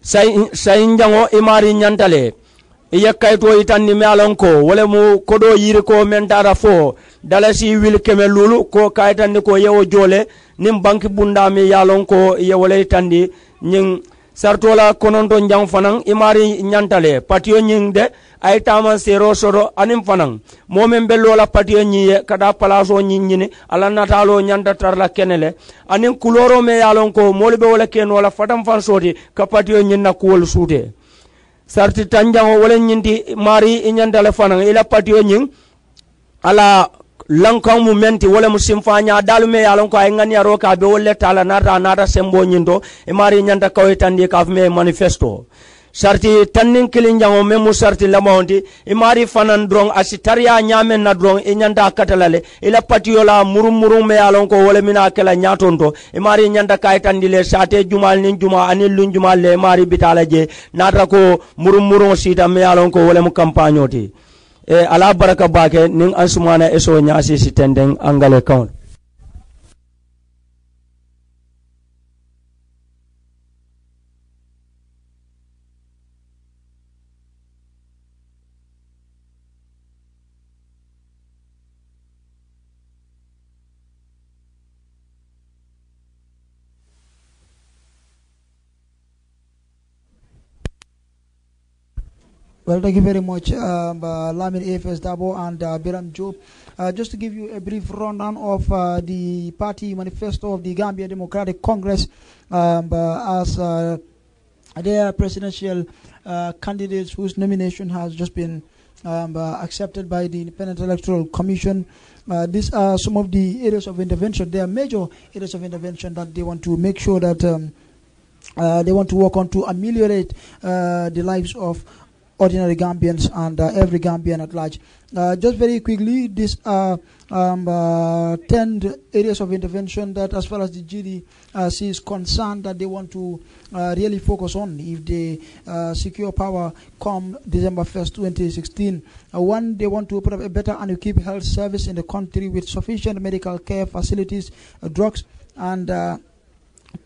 say say jango imari ñantale iye kayto itanni mealon ko wole kodo yiri ko men dara fo dalasi wil keme lulu ko kaytandi ko yewo jole nin banki bunda yalon ko ye wole itandi ñin sartola kononto jang fanan imari ñantale patiyo ñing de ay tama sero sodo anim fanan momen be lola patiyo ñiye kada palaso ñiñini ala natalo ñanta tarla kenele anin kuloro me yalon ko molu be wala kenola fatam fan soti ka patiyo ñinna kuwol suute sarti tanjango wala ñinti mari iñantale fanan ila patiyo ñing ala lankaŋ mu meŋ ti wo le mu sinfaña daalu me ye ko a ye ŋaniyaro ka be wolu le taa la sembo ñiŋ to i maari ñanta kawo ka a manifesto sarti tannin kilin jango meŋ mu sarti lamawonti i maari fanaŋ doroŋ a si tariya na doroŋ i e ñanta a kata la patiyo la muruŋ muruŋ me ye ko wo le miŋ a ke la ñaaton ka a le saate jumaal niŋ juma aniŋ luŋ jumaal le i maari je naata ko muruŋ muruŋo siita me ye ko wo mu kampaño Eh, ala baraka bake nin asumana eso nyasi sitenden angale kawon Well, thank you very much, um, uh, Lamin AFS Dabo and uh, Biram Job. Uh, just to give you a brief rundown of uh, the party manifesto of the Gambia Democratic Congress um, uh, as uh, their presidential candidates whose nomination has just been um, accepted by the Independent Electoral Commission. these are some of the areas of intervention. There are major areas of intervention that they want to make sure that um, they want to work on to ameliorate the lives of ordinary Gambians and uh, every Gambian at large. Uh, just very quickly, these are uh, um, uh, 10 areas of intervention that, as far as the GDC uh, is concerned, that they want to uh, really focus on if they secure power come December 1st, 2016. one, they want to open up a better and keep health service in the country with sufficient medical care facilities, drugs, and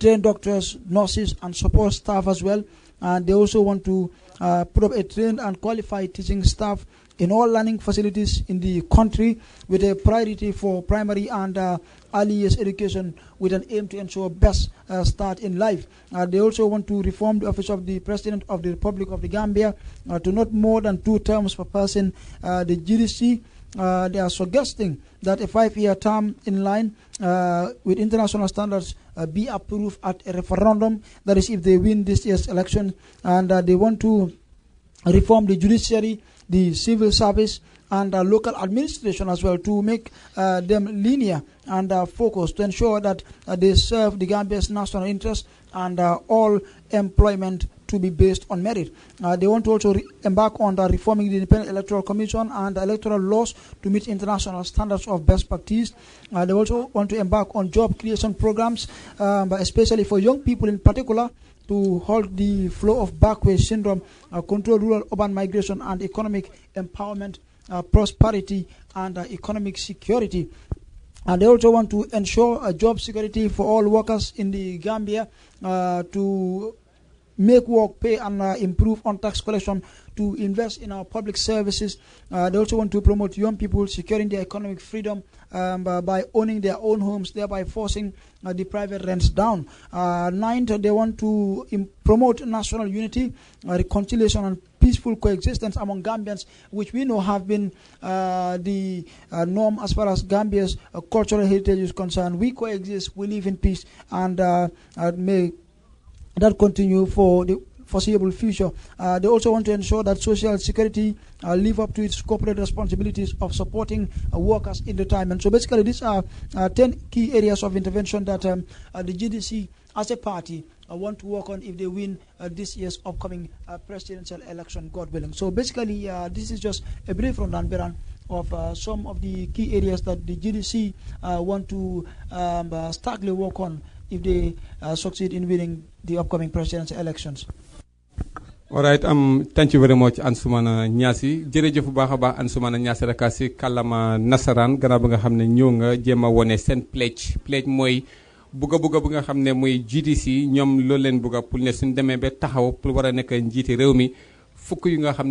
train doctors, nurses, and support staff as well. And they also want to uh, put up a trained and qualified teaching staff in all learning facilities in the country with a priority for primary and uh, early years education with an aim to ensure best uh, start in life. Uh, they also want to reform the office of the President of the Republic of the Gambia uh, to not more than two terms per person. Uh, the GDC uh, they are suggesting that a five year term in line uh, with international standards uh, be approved at a referendum. That is, if they win this year's election and uh, they want to reform the judiciary, the civil service, and uh, local administration as well to make uh, them linear and uh, focused to ensure that uh, they serve the Gambia's national interest and uh, all employment to be based on merit. Uh, they want to also re- embark on the reforming the Independent Electoral Commission and the electoral laws to meet international standards of best practice. Uh, they also want to embark on job creation programs, um, especially for young people in particular to halt the flow of backway syndrome, uh, control rural urban migration and economic empowerment, uh, prosperity, and uh, economic security. And uh, they also want to ensure uh, job security for all workers in the Gambia uh, to make work pay and uh, improve on tax collection to invest in our public services. Uh, they also want to promote young people securing their economic freedom um, by, by owning their own homes, thereby forcing uh, the private rents down. Uh, ninth, they want to promote national unity, uh, reconciliation, and peaceful coexistence among Gambians, which we know have been uh, the uh, norm as far as Gambia's cultural heritage is concerned. We coexist, we live in peace, and may that continue for the foreseeable future. Uh, they also want to ensure that social security uh, live up to its corporate responsibilities of supporting uh, workers in retirement. So basically, these are uh, 10 key areas of intervention that um, uh, the GDC as a party uh, want to work on if they win this year's upcoming presidential election, God willing. So basically, this is just a brief rundown, Beran, of uh, some of the key areas that the GDC uh, want to um, uh, starkly work on if they uh, succeed in winning the upcoming presidential elections. All right, um, thank you very much Ansoumana Niassy jërëjëf bu baax a baax Ansoumana Niassy raka si kàllama nasaraan gannaaw ba nga xam ne ñëw nga jéem a wone seen pledge pledge mooy bugg a bugg a bu nga xam ne GDC ñoom loolu leen bugg a pour ne suñ demee ba taxaw pour war a nekk njiiti réew mi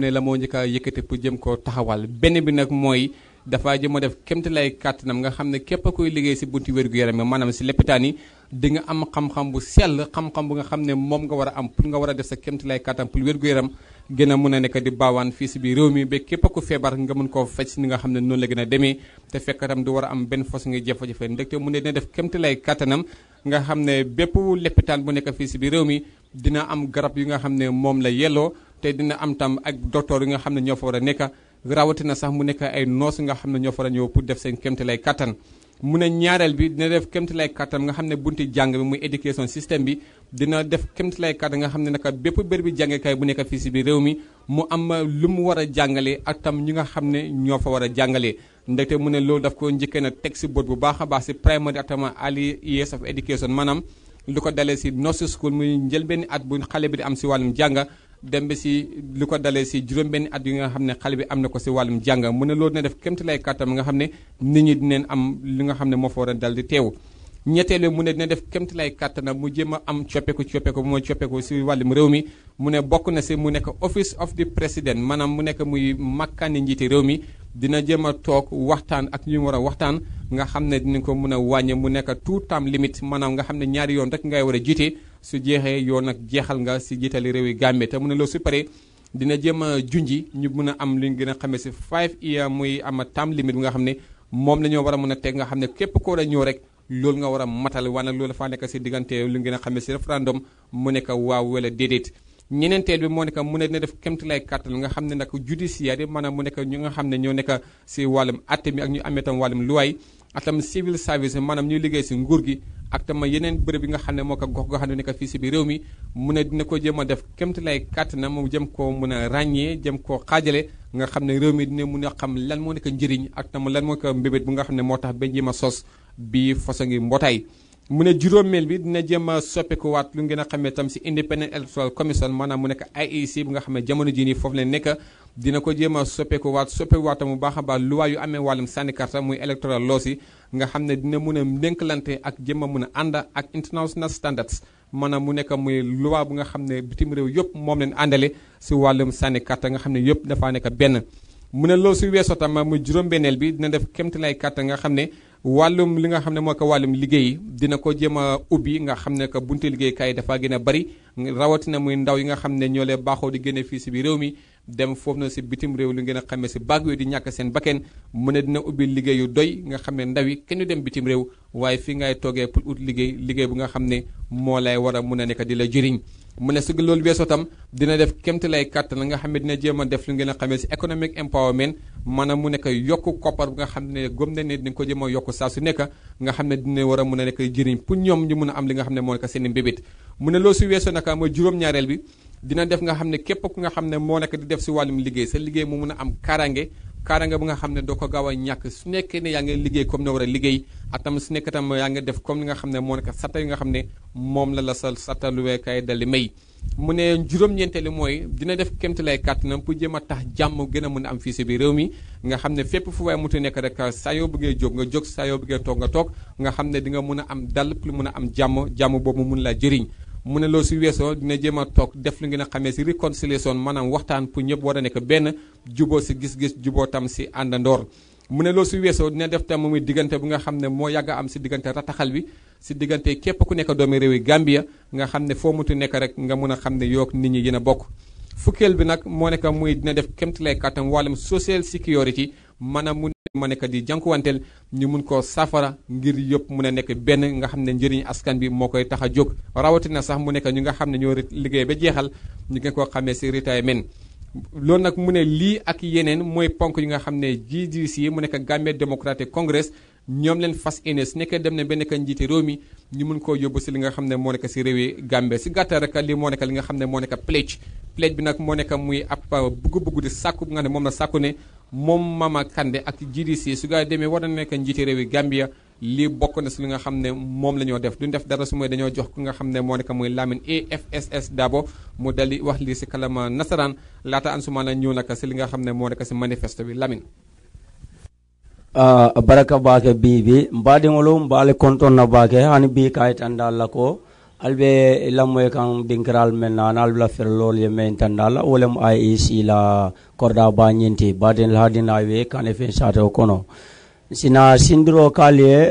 la moo njëkk a yëkkati pour jëm koo taxawal benn bi dafa jëm a def kémte lay kàttanam nga xam ne képp a koy liggéey si bunti wér-gu-yaram yi maanaam si lepitaan yi di am xam-xam bu sell xam-xam bu nga xam ne moom nga war a am pour nga war a def sa kémte lay kàttan gu yaram gën a mën a nekk di baawaan fii si biir réew mi ba képp ku feebar nga mën koo faj ni nga xam ne noonu la gën a demee te fekk itam war am benn fos nga jafe-jafe ndekte mu ne dina def kémte lay nga xam ne bépp lepitaan bu nekk fii si biir réew mi dina am garab yi nga xam ne moom la yelloo te dina am tam ak docteur yi nga xam ne ñoo fa war a nekk rawatina sax mu nekk ay noos nga xam ne ñoo fara ñëw pour def seen kémte lay kattan mu ne ñaareel bi dina def kémte lay kattan nga xam ne bunti jàng bi muy éducation système bi dina def kémte lay nga xam ne naka bépp bér bi jàngekaay bu nekk fii si biir réew mi mu am lu mu war a jàngale ak tam ñi nga xam ne ñoo fa war a jàngalee ndaxte mu ne loolu daf ko njëkkee na teg si bët bu baax a baax si primary ak tam early years of education maanaam lu ko dalee si nursery school muy njëlbenn at bu xale bi di am si wàllum jànga dem ba si lu ko dalee si juróom-benn at yi nga xam ne xale bi am na ko si wàllum jàng mu ne loolu na def kémti lay kàttam nga xam ne nit ñi dineen am li nga xam ne moo fa war a dal di teew ñetteelu mu ne dina def kémti lay kàttana mu jéem a am coppeeku coppeeku bu ma coppeeku si wàllum réew mi mu ne bokk na si mu nekk office of the president maanaam mu nekk muy makkaani njiiti réew mi dina jéem a toog waxtaan ak ñu war a waxtaan nga xam ne dinañ ko mën a wàññe mu nekk two term limit maanaam nga xam ne ñaari yoon rek ngay war a jiite su jeexee yoon nag jeexal nga si jiitali réew yi Gambie te mu ne loo su paree dina jëm a junji ñu mun a am lu ñu gën a xamee si 5 year muy am tam limit bi nga xam ne moom la ñoo war a mën a teg nga ne képp koo a ñëw rek loolu nga war a matal waaye nag loolu dafaa nekk si diggante lu ñu gën a xamee si référendum mu nekk waaw wala déedéet. ñeneenteel bi moo nekk mu ne dina def kémti lay kàttan nga xam ne nag judiciaire yi maanaam mu nekk ñu nga xam ne ñoo nekk si wàllum atte mi ak ñu amee tam wàllum luwaay atam tam civil service maanaam ñuy liggéey si nguur gi ak tam yeneen bërëb yi nga xam ne moo ko gox goo xam ne nekk fii si biir réew mi mu ne dina ko jéem a def kémti lay kàttanam mu jëm koo mën a ràññee jëm koo xaajale nga xam ne réew mi dina mën a xam lan moo nekk njëriñ ak tam lan moo ko mbébét bu nga xam ne moo tax ba jéem sos bi façon ngi mbootaay mu ne juróomeel bi dina jéem a soppikuwaat lu ngeen a ne tam si Independent Electoral Commission maanaam mu nekk IEC nga xam ne jamono jii nii foofu la nekk dina ko jéem a soppeeku waat soppeeku waatam baax a baax luwaa yu amee wàllum sànni karta muy electoral laws nga xam ne dina mën a dénkalante ak jéem a mën a ànd ak international standards maanaam mu nekk muy luwaa bu nga xam ne bitim réew yëpp moom leen àndale si wàllum sànni karta nga xam ne yëpp dafaa nekk benn mu ne loolu si weesoo tam mu juróom-benneel bi dina def kéemtalaay karta nga xam ne wàllum li nga xam ne moo ko wàllum liggéey dina ko jéem a ubbi nga xam ne que bunte liggéeykaay dafaa gën a bari rawatina muy ndaw yi xam ne ñoo lee baaxoo di génne fii si bi réew mi dem foofu na si bitim réew li ngeen a xamee si baag yooyu di ñàkk seen bakkeen mu ne dina ubbi liggéey yu doy nga xam ne yi kenn du dem bitim réew waaye fii ngay toogee pour ut liggéey liggéey bu nga xam ne moo lay war a mun a nekk di la jëriñ mu ne su loolu weesoo tam dina def kémte lay kàttan nga xam ne jéem a def lu ngeen a xamee si economic empowerment maanaam mu nekk yokk koppar bu nga xam ne gëm nañ ne dina ko jéem a yokk saa su nekk nga xam ne dina war a mun a nekk jëriñ pour ñoom ñu mun a am li nga xam ne moo nekk seen mbébét mu ne loolu su weesoo naka mooy juróom-ñaareel bi dina def nga xam ne képp ku nga xam ne moo nekk di def si wàllum liggéey sa liggéey mu mun a am karange karange bu nga xam ne doo ko gaaw a ñàkk su nekkee ne yaa ngi liggéey comme ne war a liggéey ak tam su nekk tam yaa ngi def comme li nga xam ne moo nekk sata yi nga xam ne moom la la sa sata kay dali may mu ne juróom-ñeenteelu mooy dina def kémti lay kàttanam pour jéem a tax jàmm gën a mën a am fii si biir réew mi nga xam ne fépp fu waay mutu nekk rek saa yoo bëggee jóg nga jóg saa yoo bëggee toog nga toog nga xam ne di nga mun a am dal pour mun a am jàmm jàmm boobu mun laa jëriñ mu ne loo si weesoo dina jéem a toog def lu ngeen a xamee si réconciliation maanaam waxtaan pour ñëpp war a nekk benn juboo si gis-gis juboo tam si àndandoor mu ne loo si weesoo dina def tam muy diggante bu nga xam ne moo yàgg am si diggante rataxal bi si diggante képp ku nekk doomi réew yi Gambia nga xam ne foo mutu nekk rek nga mun a xam ne yook nit ñi yéen a bokk fukkeel bi nag moo nekk muy dina def kéemtalee kattan wàllum social security maanaam mu ma nekk di jànkuwanteel ñu mun koo saafara ngir yëpp mun a nekk benn nga xam ne njëriñ askan bi moo koy tax a jóg rawatina sax mu nekk ñu nga xam ne ñoo liggéey ba jeexal ñu nga koo xamee si retirement loolu nag mu ne lii ak yeneen mooy ponk yi nga xam ne GDC mu nekk Gambia Democratic Congress ñoom leen fas yéene su nekkee dem na ba nekk njiiti réew mi ñu mën koo yóbbu si li nga xam ne moo nekk si réewi Gambie si gàttal rek li moo nekk li nga xam ne moo nekk pledge pledge bi nag moo nekk muy ab euh, bugg-bugg di sàkku bu nga ne moom la sàkku ne moom Mama Kandeh ak GDC su gaa demee war na nekk njiiti réewi Gambia lii bokk na si li nga xam ne moom la def duñ def dara su mooy dañoo jox ku nga xam ne moo nekk muy Lamin AFSS Dabo mu dal di wax lii si kalama nasaraan laata Ansoumana ñëw nag si li nga xam ne moo nekk si manifeste bi Lamin Uh, baraka bake bibi mbadiŋolu mbaali konton na bake hani bi ka itanda la ko ali be lamoye kan dinkiral meŋ na ani ali be la ferelol ye men tanda la wo wolem IEC la korda ba ñinti badin la hadina we kane feŋ sate o kono sina sindiro kaali ye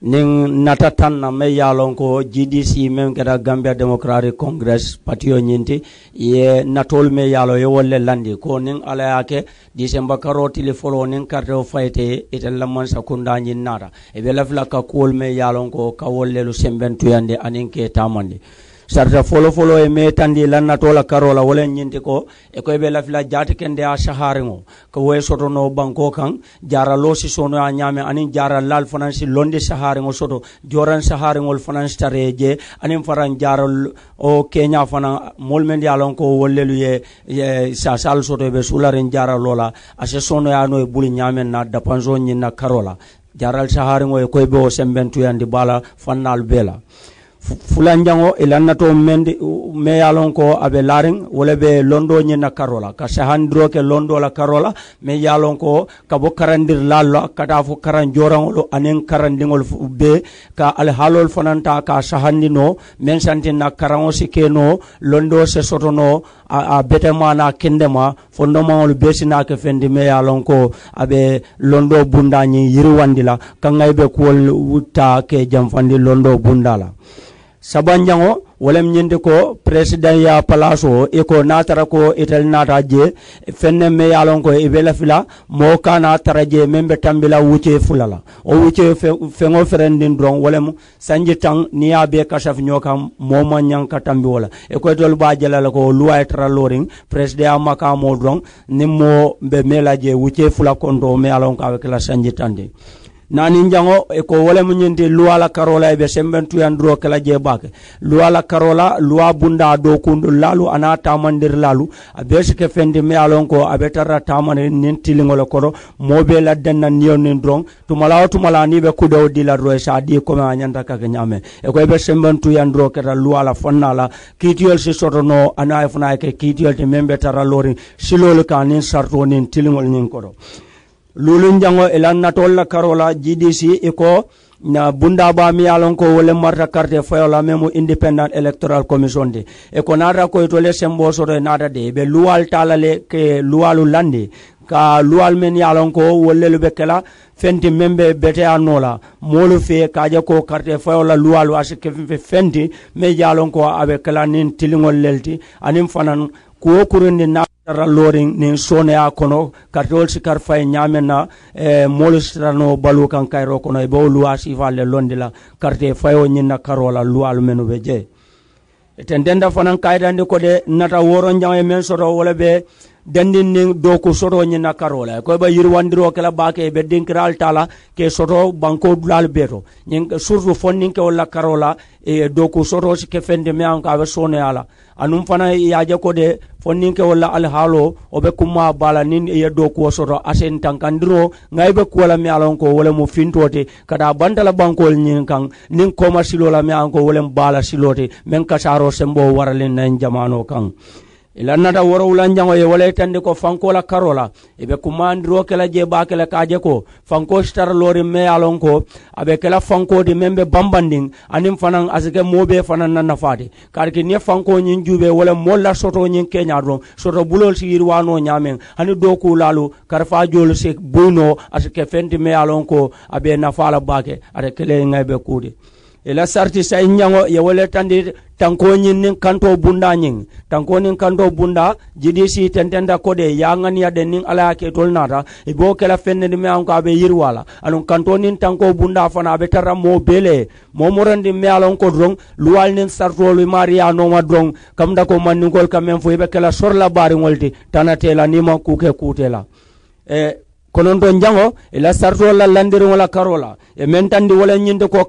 nin nata tan na me yalon lon ko gdc men keta gambia democratic congress patio ñinti ye natol me yalo ye wolle landi ko nin ala ya ke disemba karo tili folo nin kartewo fayite ite lamon sa kunda ñin e be lafila ka kuwolu me yalon ko ka wollelu sembentuyande aniŋ ke tamandi sarta folo folo e me tandi karola wala nyinti ko e ko e be lafila jati kende a shaharingo ko wo soto no banko kan jara losi sono a nyame anin jara lal fanansi londe shaharingo soto joran shaharingo fanansi tareje anin faran jara o kenya fana molmen ya lon ko wollelu ye sa sal soto e be sularen jara lola ase sono ya no e buli nyame na dapanzo nyina karola jaral sahari ngoy e koy be o sembentuyandi bala fannal bela fulanjango ila nato mendi meyalon ko abe laring wala be londo nyina karola ka sahandro ke londo la karola me yalon ko ka bo karandir lalla kata fu karan jorangolo anen karandingol fu be ka al halol fananta ka sahandino men santin na karango sikeno londo se sotono a, bete betema na kendema fondomaŋolu bee si naa ke fendi me ye a loŋ ko a be londo bunda ñiŋ yiriwandi la kaŋa i be kuwolu ta ke janfandi londo bunda la sabanjango wolem ñindi ko président ya place o i ko na tara ko itel nata je fenne me ye lon ko i be lafila moo kana tara je meŋ be tambila wuce fula la wo wuce feŋo ferendin doroŋ wolem sanji taŋ ni ye be kasafi ño kaŋ moo ma ñaŋ ka tambi wo la i ko itolu ba jela ko luwa ye tara loriŋ président ya dron ka moo niŋ moo be mela la je wuce fula konto me ye ko a be kela sanji taŋ nani njango e ko mo ñindi luwa la karola andro kala je jeebake luwa la karola luwa bunda do kundu lalu ana tamandir laalu abe ke fendi me alon ko aɓe tarra tamane nin la denna nion ni niyonin to mala to mala ni be kudo di la e sha di ko ma nyanda ka ñame e ko be semben tu andro kala luwa la fonna kitiol se si sotono ana e fana ke kitiol te membe ɓe tarra lorin ka nin sarto nin tilingol nin koro lulun jango ilan natol karola GDC iko na bunda ba mi alon ko wole marta carte fayola memo independent electoral commission de e ko nada ko to le sembo so do nada de be luwal talale ke luwalu lande ka luwal men yalon ko wolle lu be kala fenti membe bete anola molu fe je ko carte la luwalu asike fenti me yalon ko abe kala nin tilingol lelti anin fanan ko kurundi na tara lorin nin soneya kono kati wol si kar faye ñamen na eh, moolu sitano balu kan kayro kono e be wo luwa sifa le londi la karite fayo ñin na karo la luwalu menu be je eten denda fanan kayidandi ko de nata woro jaŋe men soto wala be dendin nin doku soto ñin na karo la ko be yirwandiro kela bake be dinkiral tala ke soto banko dulal beto ñin surtout fonninke wala karo la e soto si ke fende me an ka be soneya la anum fana yaje ko de fonninke walla alhaalo o be kumma bala nin e ye do ko soto asen tankandiro ngay be kuwo la mi alon ko wala mo fintote kada bandala bankol nin kan nin koma silo la mi an ko wala bala silote men kasaro sembo waralen nan jamano kan ila nata worowula njaŋo ye wala itandi ko fanko la karo la i be kumandiro ke la je baa la ka je ko fanko sitara looriŋ me ye a loŋ ko a be ke la fanko ti meŋ be banbandiŋ aniŋ fanaŋ a si ke moo bee fanaŋ na nafaa ti kaari niŋ fanko ñiŋ juube wala moolu la soto ñiŋ keeña doroŋ soto buloolu si yiriwaanoo ñaameŋ hani dookuu laalu karifa joolu si buyinoo a si ke feŋ ti me ye a loŋ ko a be nafaa la baake ate kele ŋa be kuu ti ila sarti sa ñango ye wala tandi tanko ñin kanto bunda ñin tanko nin kanto bunda jidi si tentenda kode ya ngania de nin ala ke tol nata e kala fenne de me an abe yirwala alon kanto nin tanko bunda fana abe tara mo bele mo morandi me alon ko drong luwal nin sarto lu maria no ma drong kam da ko man ngol kam men fo be kala sorla bari ngolti tanatela ni ma kuke kutela e kononton i e la sarto la landiriŋo landirin wala karola e mentandi wala nyinde ko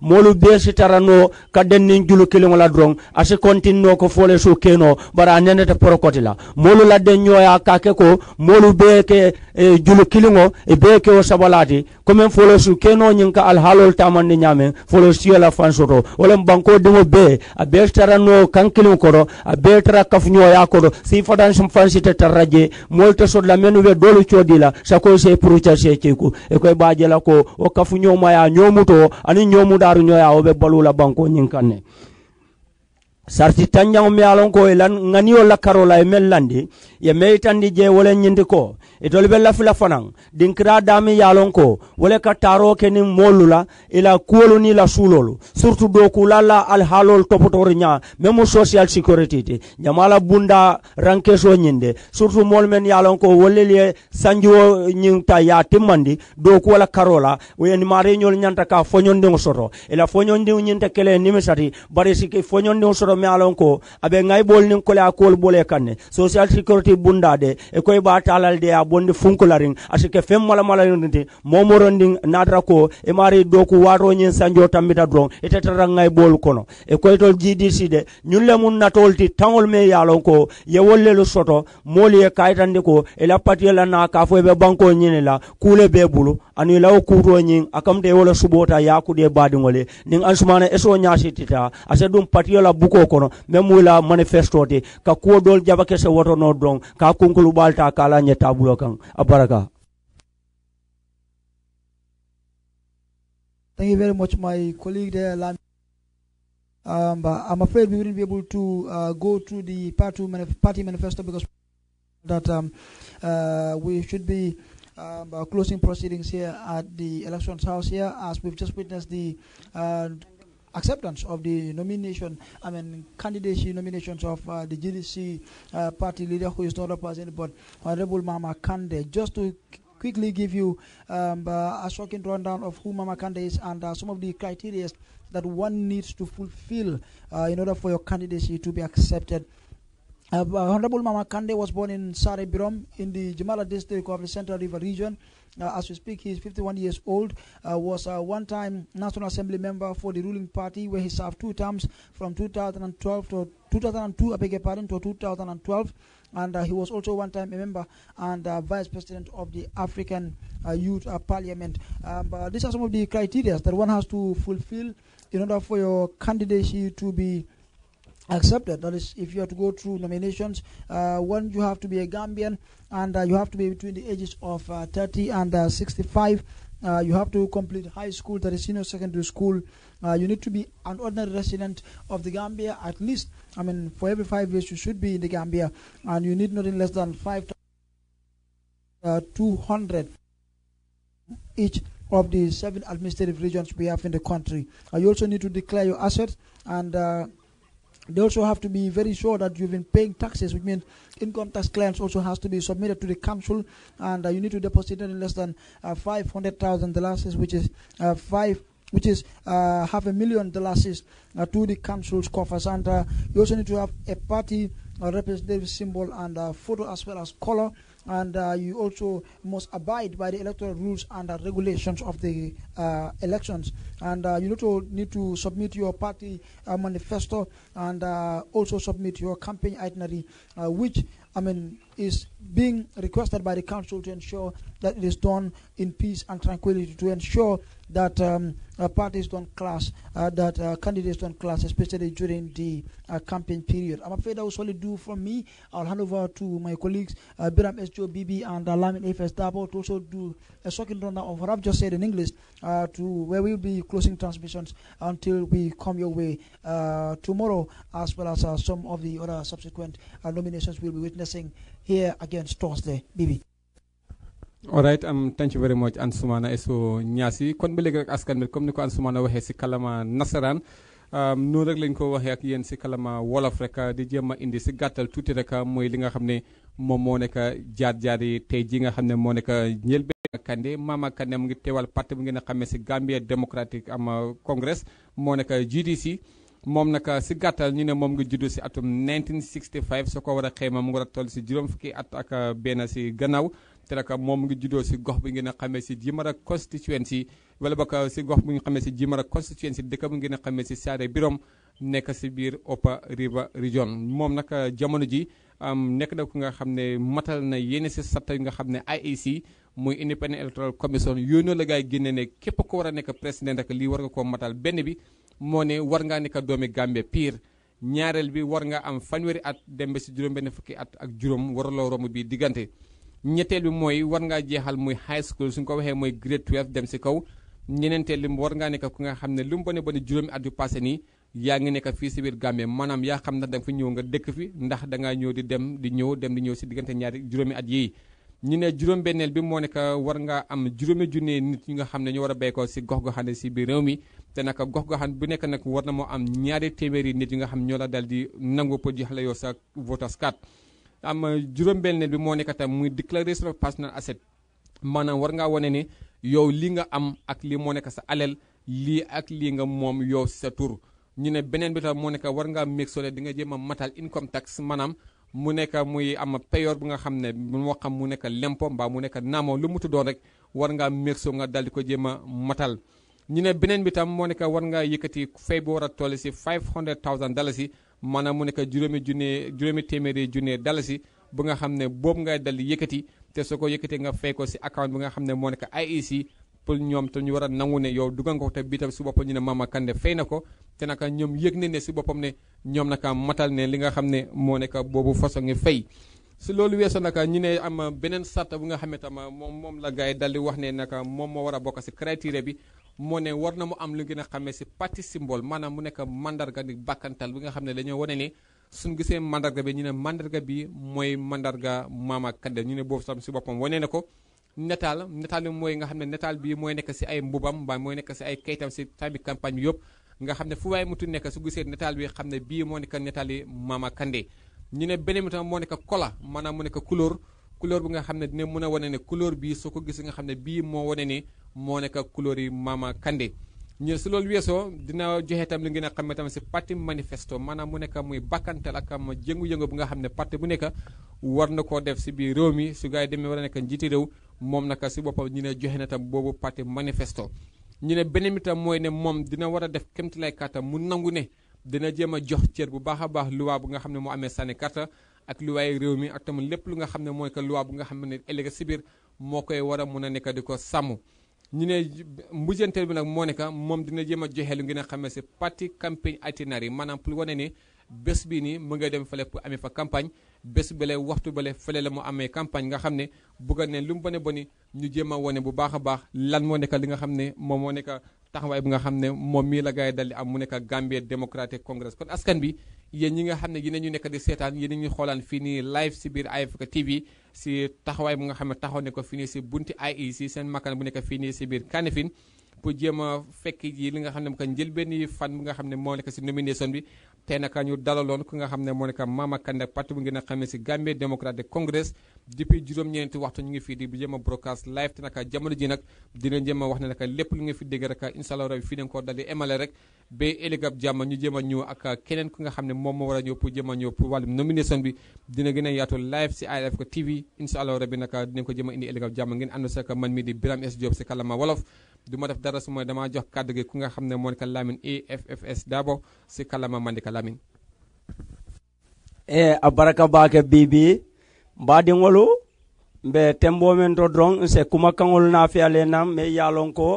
moolu bee si tara be ka kadden niŋ julu kiliŋo kilin wala dron asi kontinno ko le su keno bara nenete porokoti la moolu molu ladde ñoya ke ko moolu be ke e, julu kilingo e be ke o sabalati comme folo su keno ñin ka al halol taman ni nyame la fan soto wala banko demo be a be tara no kankilin koro a be tara kafnyo ñoya koro si fadan sum fan sita taraje te so la menu be dolu chodila sako se prucha se cheku e ko baaje la ko o kafnyo ma ya nyomuto ani nyomu daru nyoya o be balula banko nyin kanne sarti tanyang me alon ko elan ngani o karo la ye meŋ landi ye me yitandi je wo le ñindi ko itolu e be lafila fanaŋ din kra dami a loŋ ko wo le ka taaroo ke niŋ moolu e la i la kuwolu niŋ i la suulolu surtout dookula la alihaalolu topotoori social security ti ñama la bunda so nyinde surtout mol men ye a ko wollelu le sanjiwo nyin ta ya timandi do dookuwo la karola we ni mare nyol nyanta ka foñondiŋo soto e ila la foñondiŋo ñinta kele nimisati bari siki foñondiŋo soto lo ko abe ngai bol nin ko la ko bole kanne social security bunda de e koy ba talal de a bondi funkularin asike fem mala mala ninte momorondin nadra ko e mari doku waro nyin sanjo tambita dron ite e tarangai bol kono e koy tol GDC de nyun le mun natol ti tangol me yalon ko ye wolle lu soto moli e kaytande ko e la patiela na ka fo e be banko nyine la kule be bulu ani law kuro nyin akamde wala subota yakudi e badingole nin ansumana eso nyasitita ase dum patiola buko kono manifesto ka woto ka kunkulu Thank you very much, my colleague there, Lam. Um, I'm afraid we wouldn't be able to uh, go through the party, manif party manifesto because that um, uh, we should be um, uh, closing proceedings here at the elections house here as we've just witnessed the uh, acceptance of the nomination, I mean, candidacy nominations of uh, the GDC uh, party leader who is not represented, but Honorable Mama Kande, just to quickly give you um, uh, a shocking rundown of who Mama Kande is and uh, some of the criteria that one needs to fulfill uh, in order for your candidacy to be accepted. Honorable Mama Kande was born in Sare in the Jumala district of the Central River region. Uh, as we speak, he is 51 years old, uh, was a one-time National Assembly member for the ruling party, where he served two terms from 2012 to 2002, I beg your pardon, to 2012. And uh, he was also one time a member and uh, vice president of the African uh, Youth uh, Parliament. Um, these are some of the criteria that one has to fulfill in order for your candidacy to be accepted. That is, if you have to go through nominations, uh, one, you have to be a Gambian, and uh, you have to be between the ages of uh, 30 and uh, 65. you have to complete high school, that is senior secondary school. you need to be an ordinary resident of the Gambia at least. I mean, for every five years you should be in the Gambia, and you need nothing less than five. Uh, 200 each of the seven administrative regions we have in the country. Uh, you also need to declare your assets and uh, they also have to be very sure that you've been paying taxes, which means income tax claims also has to be submitted to the council, and uh, you need to deposit in less than uh, 500,000 dollars, which is uh, five which is uh, half a million dollars uh, to the council's coffers. And uh, you also need to have a party representative symbol and photo as well as color and uh, you also must abide by the electoral rules and uh, regulations of the uh, elections. And uh, you also need to submit your party uh, manifesto and uh, also submit your campaign itinerary, which I mean is being requested by the council to ensure that it is done in peace and tranquility to ensure that um, uh, parties don't clash, uh, that uh, candidates don't clash, especially during the campaign period. I'm afraid that was all do for me. I'll hand over to my colleagues, uh, Biram SJOBB and uh, Lamin FS to also do a second round of what I've just said in English, to where we'll be closing transmissions until we come your way tomorrow, as well as some of the other subsequent nominations we'll be witnessing here against Thursday. Bibi. alright um, thank you very much Ansumana Eso Niassy kon ba léegi rek askan bi comme ni ko Ansumana waxee si kalama nasaraan noonu rek lañ ko waxee ak yéen si kalama wolof rek di jéem a indi si gàttal tuuti rek mooy li nga xam ne moom moo nekk jaar-jaar yi tey ji nga xam ne moo nekk njëlbeen Kandeh Mama Kandeh mu ngi teewal parti bu ngeen a xamee si Gambia Democratic am uh, Congress moo nekk GDC. moom nag uh, si gàttal ñu ne moom ngi juddu si atum 1965 soo ko war a xayma mu ngi a toll si juróom fukki at ak uh, benn si gannaaw. Teraka moom mu ngi juddoo si gox bi ngeen a xamee si Jimara constituency wala bokk si gox bi nga xamee si Jimara constituency dëkk bi ngeen a xamee si Saare Birame nekk si biir Upper River Region moom nag euh, jamono ji nekk na ku nga xam ne matal na yenn si satta yi nga xam ne IEC muy Independent Electoral Commission yooyu noonu la gaa yi génne ne képp ko war a nekk président rek lii war nga koo matal benn bi moo ne war ngaa nekk doomi Gambie pire. ñaareel bi war nga am fanweeri at dem si juróom fukki at ak juróom waraloo romb bi diggante ñetteel bi mooy war ngaa jeexal muy high school suñ ko waxee mooy grade dem si kaw ñeneenteel li war ngaa nekk ku nga xam ne lu mu bone bone juróomi at yu passé nii yaa ngi nekk fii si biir Gambie maanaam yaa xam ndax da nga ñëw nga dëkk fi ndax da ngaa ñëw di dem di ñëw dem di ñëw si diggante ñaari juróomi at yii ñu ne juróom benneel bi moo nekk war ngaa am juróomi junne nit ñi nga xam ne ñu war a béy ko si gox goxaan si biir réew mi te nag gox goxaan bu nekk nag war na moo am ñaari téeméeri nit yi nga xam ñoo la dal di nangu pour jox la yow sa voters card am euh, juróom-benneel bi moo nekk tam muy declaration of personal asset maanaam war ngaa wone ni yow lii nga am ak lii moo nekk sa alal lii ak lii nga moom yow si sa tur ñu ne beneen bi tam moo nekk war ngaa méeg sole di nga jéem a matal income tax maanaam mu nekk muy am bu nga xam ne moo xam mu nekk lempo mbaa mu nekk naamo lu mu tuddoon rek war ngaa méeg nga daal di ko jéem a matal ñu ne beneen bi tam moo nekk war ngaa yëkkati fay bu war a toll si 500 000 dollars yi maanaam mu nekk juróomi junne juróomi téeméeri junne dalasi bu nga xam ne boobu ngay dal yëkkati te soo ko yëkkatee nga fay ko si account bi nga xam ne moo nekk IEC pour ñoom te ñu war a ne yow dugal nga te bii tam si boppam ñu ne Mama Kandeh fay na ko te naka ñoom yëg ne ne si boppam ne ñoom naka matal ne li nga xam ne moo nekk boobu façon ngi fay. si loolu weesoo naka ñu ne am beneen sarta bu nga xam ne tam moom moom la gars yi dal di wax ne naka moom moo war a bokk si critère bi moo ne war na mu am lu gën a xamee si si symbole maanaam mu nekk màndarga ni bàkkantal bi nga xam ne dañoo wane ne suñ gisee mandarga bi ñu ne mandarga bi mooy mandarga Mama Kandeh ñu ne boobu tam si boppam wane na ko netaal netaal bi mooy nga xam ne netaal bi mooy nekk si ay mbubam mbaa mooy nekk si ay kayitam si tamit campagne bi yëpp nga xam ne fu waaye mutu nekk su gisee netaal bi xam ne bii moo nekk netaal yi ñu ne beneen bi tam moo nekk kola maanaam mu nekk couleur couleur bi nga xam ne dina mën a wane ne couleur bii soo ko gis nga xam ne bii moo wane ni moo nekk couleur yi Mama Kandeh ñu si loolu weesoo dina joxe tam li ngeen a xam ne tam si parti manifesto maanaam mu nekk muy bakkantal ak am yëngu-yëngu bu nga xam ne parti bu nekk war na koo def si biir réew mi su gars demee war a nekk njiiti réew moom naka si boppam ñu ne joxe na tam boobu parti manifesto. ñu ne beneen bi tam mooy ne moom dina war a def kéemtalaay kàttan mu nangu ne dina jëm a jox cër bu baax a baax luwaa bu nga xam ne moo amee sànni kàttan ak luwaay réew mi ak tamit lépp lu nga xam ne mooy que luwaa bu nga xam ne ëllëg si biir moo koy war a mun a nekk di ko sàmm. ñu ne mujjanteel bi nag moo nekk moom dina jéem a joxe lu ngeen a xamee si parti campagne itinéraire maanaam pour wane nii bés bi nii mu ngay dem fële pour amee fa campagne. bés bële waxtu bële fële la mu amee campagne nga xam ne bëgg ne lu mu bone boni ñu jéem a wane bu baax a baax lan moo nekk li nga xam ne moom moo nekk taxawaay bu nga xam ne moom mii la gars yi dal di am mu nekk ak Gambia Democratic Congress kon askan bi yéen ñi nga xam ne yéen ñu nekk di seetaan yéen ñu xoolaan fii nii live si biir Africa TV si taxawaay bu nga xam ne taxaw ne ko fi nii si bunti si e seen macan bu nekk fii nii si biir Kanifing pour jéem a fekk yi li nga xam ne mu ko njëlbeen yi fan bi nga xam ne moo nekk si nomination bi tey naka ñu dalaloon ku nga xam ne moo nekk Mama Kandeh parti bu ngeen a ne si Gambia Democratic Congress depuis juróom-ñeenti waxtu ñu ngi fii di jéem a broadcast live te naka ji nag dina jéem a wax ne naka lépp lu nga fi dégg rek incha fii nañ ko dal di emale rek ba ëllëg ab jàmm ñu jéem keneen ku nga xam ne moom moo war a ñëw pour jéem a ñëw pour wàllum nomination bi dina gën a yaatu live si IAAF ko TV incha allah rabi naka dinañ ko jéem a indi ëllëg jàmm ngeen ànd ak man mi di Biram S Diop si kàllaama wolof du ma def dara su mooy damaa jox kàddu gi ku nga xam ne moo nekk Lamine EFFS Dabo si kalama Mandika Lamine e a baraka baake bibi mbaadiŋolu mbe tembo men to doroŋ se kumakaŋolu naafiya le naŋ me ye a loŋ ko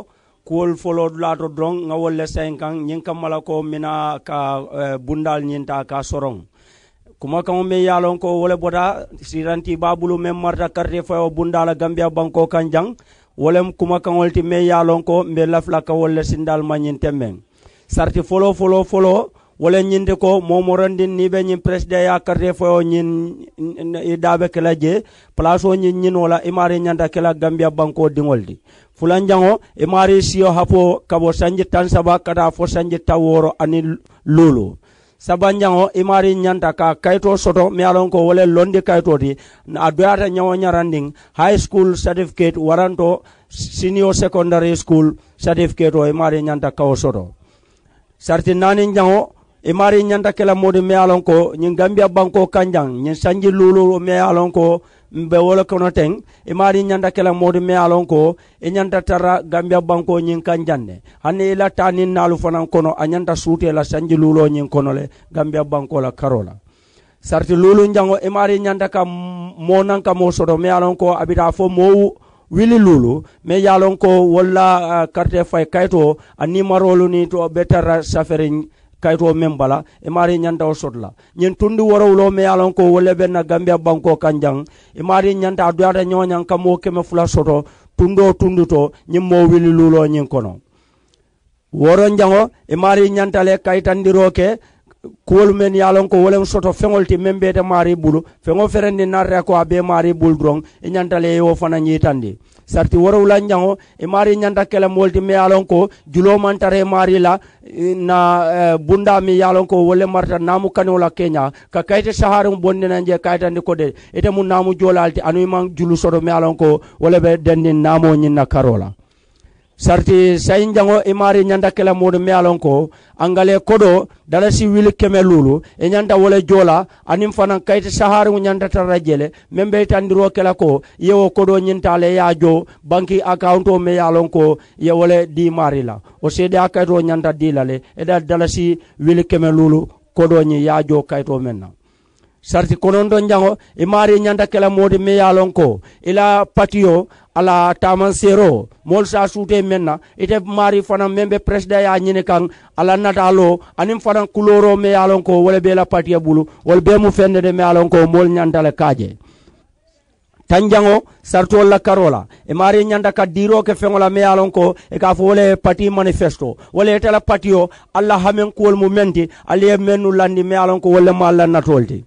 kuwolu folo dulaa to doroŋ ŋa wolu le sayiŋ kaŋ ñiŋ kamma la ko mina ka eh, bundaal ñiŋ taa ka sorong kuma meŋ ye a loŋ ko wo boda siranti babulu bulu marta marita fo bundala gambia banko kanjang jaŋ wolem kumakaŋol ti meŋ ye a loŋ ko mbe lafilakawol le sindal ma ñiŋ te meŋ sarti folo folo folo wole ñinde ko momorondin ni be ñin président ya karte foyo ñin i dabe kela je place o ñin ñin wala imari ñanda kela gambia banko dingol di fulan jango imari siyo hafo kabo sanji tan saba kata fo sanji taworo ani lulu sabanjaŋo i maari ñanta ka kayito soto mi ye lon ko le londi kayito ti a doyata ñawo ñarandiŋ high school certificate waranto senior secondary school certificate o i maari ñanta kawo soto sarti naaniŋ jaŋo i mari ñandakela modu me alon ko ñin gambia banko kanjang ñin sanji lulu me alon ko mbe wolo kono teng i mari ñandakela modu me alon ko i ñanta tara gambia banko ñin kanjande hani ila tani nalu fanan kono a ñanta suute la sanji lulo ñin kono le gambia banko la karola sarti lulu jango i mari ñandaka mo nanka mo soto me alon ko abita fo mowu wili lulu me yalon ko walla uh, fay kayto a nimarolu ni to betara saferin kayto men bala e mari nyanda o sotla nyen tundu woro lo me alon ko wole ben na gambia banko kanjang e mari nyanda aduata nyonyan kamo keme fula soto tundo tunduto nyen mo wili lulo nyen kono woro njango e mari nyantale kaytandiro ke kuwolu men ye a lon ko wolen soto feŋol ti meŋ bete maari bulu feŋo ferendi narre ko a be maari bulu doroŋ i ñantale ye wo fana ñiitandi sarti worow la ñango e mari ñanta kele molti me yalon ko julo mantare mari la e, na e, bunda mi yalon ko wolle marta namu kanu la kenya ka kayte saharum bonne na je kayta ni ko de ite mu namu jolalti anu man julu soro me yalon ko wolle be denni namo nyinna karola sarti sayin i e maari nyanda kela modu me alon ko angale kodo dala si wili keme lulu e nyanda aniŋ jola anim fanan kayti sahari je le meŋ be itandiro ke la ko i ye wo kodo ñinta le nyintale ya jo banki account o me alon ko ye wole di maari la o sede akayto nyanda dilale e dal dala si wili keme luulu kodo nyi ya jo meŋ na sarti konon don jango imari e nyanda kela modu me alon ko e la patiyo ala taman sero mol sa sute menna ite mari fana membe presida ya nyine kan ala natalo anim fana kuloro me yalon ko wala be la patia bulu wala be mu fende de me yalon ko mol nyandale kaje tanjango sartol la karola e mari nyanda ka diro ke fengola me yalon ko e ka fo wala pati manifesto wala ite la patio alla hamen ko wol mu menti ali menu landi me yalon ko wala ma natolti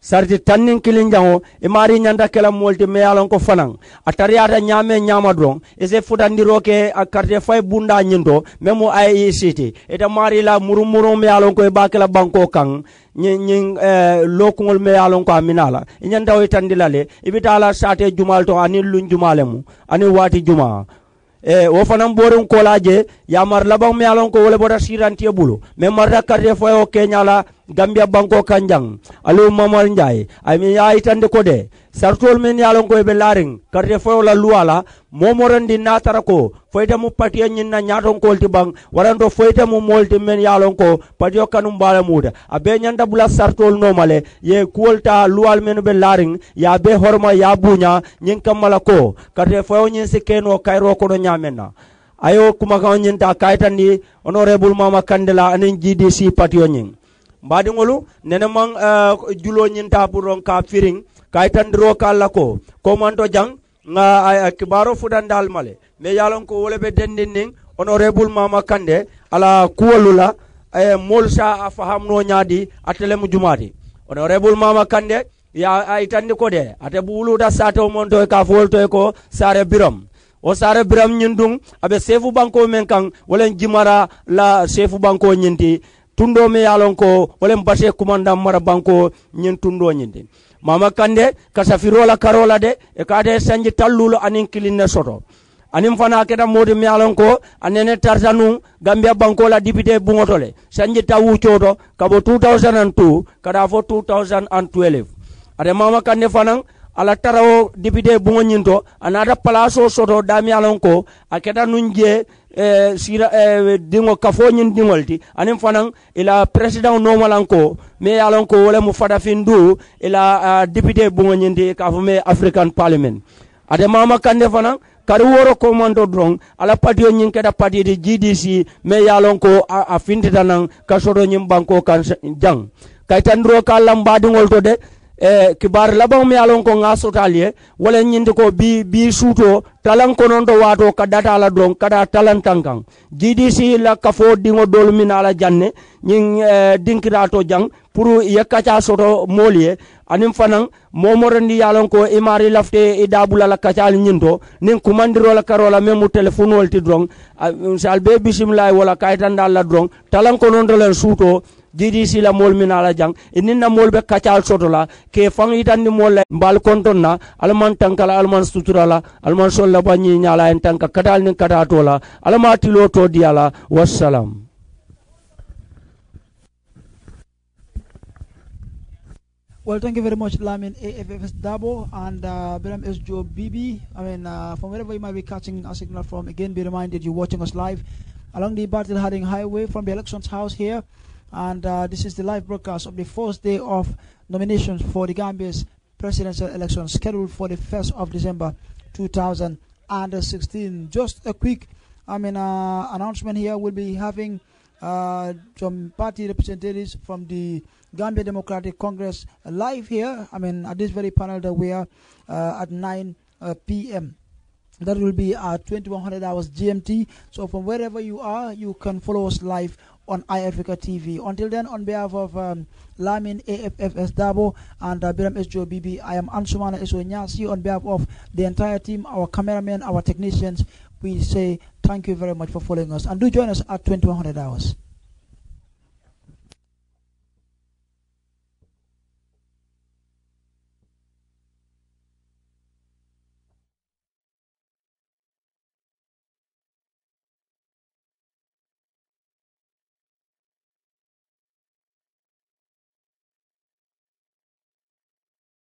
sariti tannin kilin jango i maari ñanda kela moolti me ye ko fanan a tariyata ñaame ñaama doron i se futandiro ke a karite fay bunda ñinto même a ye i siiti ita la murumurum me ye lon ko i baa banko kan ñin eh, lookuŋol me ye ko a mina la i ñantawo le i bi jumal to aniŋ luŋ juma le mu aniŋ waati Eh, wo fanaŋ boriŋ kola je yamar labaŋ me ye lon ko wo le bota bulu mais marita karite fo ye wo keña gambia banko kanjang alu mamar njay ami ya itande kode sartol men yalon ko be laring karte fo la luwala momorandi natara ko foyta mu patiya nyinna nyaton ti bang waranto foyta mu molti men yalon ko patiyo kanum bala muda abe nyanda bula sartol nomale ye kuolta luwal men be laring ya be horma ya bunya nyin kamala ko karde fo nyin sikeno kairo ko no nyamena ayo kuma kan nyinta kaitani ni honorable mama kandela anin gdc patiyo nyin mbadiŋolu nenemaŋ uh, eh, julo ñinta buron ka firiŋ kay tandiro ka la ko komanto jaŋ nga uh, kibaro futandal male mais ye lon ko wole be dendin niŋ honorable mama kande ala kuwolu la eh, moolu sa a atelemu jumaati honorable mama kande ya aitandi ko de ate buuluuta saatewo mon to e ka fowol e ko sare biram o sare biram ñin dun aɓe sefu banko men kan walen jimara la sefu banko ñinti tundo me yalon ko wolem bashe commandant mara banko nyen tundo nyinde mama kande kasafiro la karola de e kade sanji tallulo anin kilinne soto anin fana keda modi mi yalon ko anene tarzanu gambia banko la député bungotole sanji tawu chodo kabo 2002 kada fo 2012 ade mama kande fanan ala tarawo député bungo nyinto anada palaso soto dami yalon ko akeda nunje Eh, sira eh, dingo kafo nyin dingol ti anin fanan ila president normal anko me yalon ko wala mu fada fin du ila ah, député bungo nyin di kafo me african parliament ade mama kande fanan kari woro komando dron ala patio nyin keda pati de GDC me yalon ko a, a naŋ nan kasoro nyin banko kan jang kaitan dro ka lambadi to de e kibar laban mi alon ko ye wala nyinde ko bi bi suto talan kononto wato ka data la don kada talan tankan gdc la kafo diŋo doolu mina ala janne ñiŋ e, eh, dinkira to jang pour kaca soto moolu anin fanan momorandi yalon ko imari lafte i dabula la kacal ñinto niŋ kumandiro la karola même mu telefonol ti dron ah, mm, sal be bisimlay wala kayitandal la dron talan kononto len suuto la mol jang na mol be kacal soto la ke fang itan ni mol konton na alman alman sutura la alman sol la banyi nyala en kadal ni alma tilo to diala wassalam Well, thank you very much, Lamin AFFS Dabo and uh, Biram Joe BB. I mean, uh, from wherever you might be catching a signal from, again, be reminded you're watching us live along the Battle Harding Highway from the Elections House here. And uh, this is the live broadcast of the first day of nominations for the Gambia's presidential election scheduled for the 1st of December 2016. Just a quick I mean, uh, announcement here. We'll be having uh, some party representatives from the Gambia Democratic Congress live here. I mean, at this very panel that we are uh, at 9 uh, p.m. That will be at 2100 hours GMT. So, from wherever you are, you can follow us live on iAfrica TV. Until then, on behalf of um, Lamin AFFS Dabo and uh, Biram SJOBB, I am Ansumana See on behalf of the entire team, our cameramen, our technicians. We say thank you very much for following us and do join us at 2100 hours.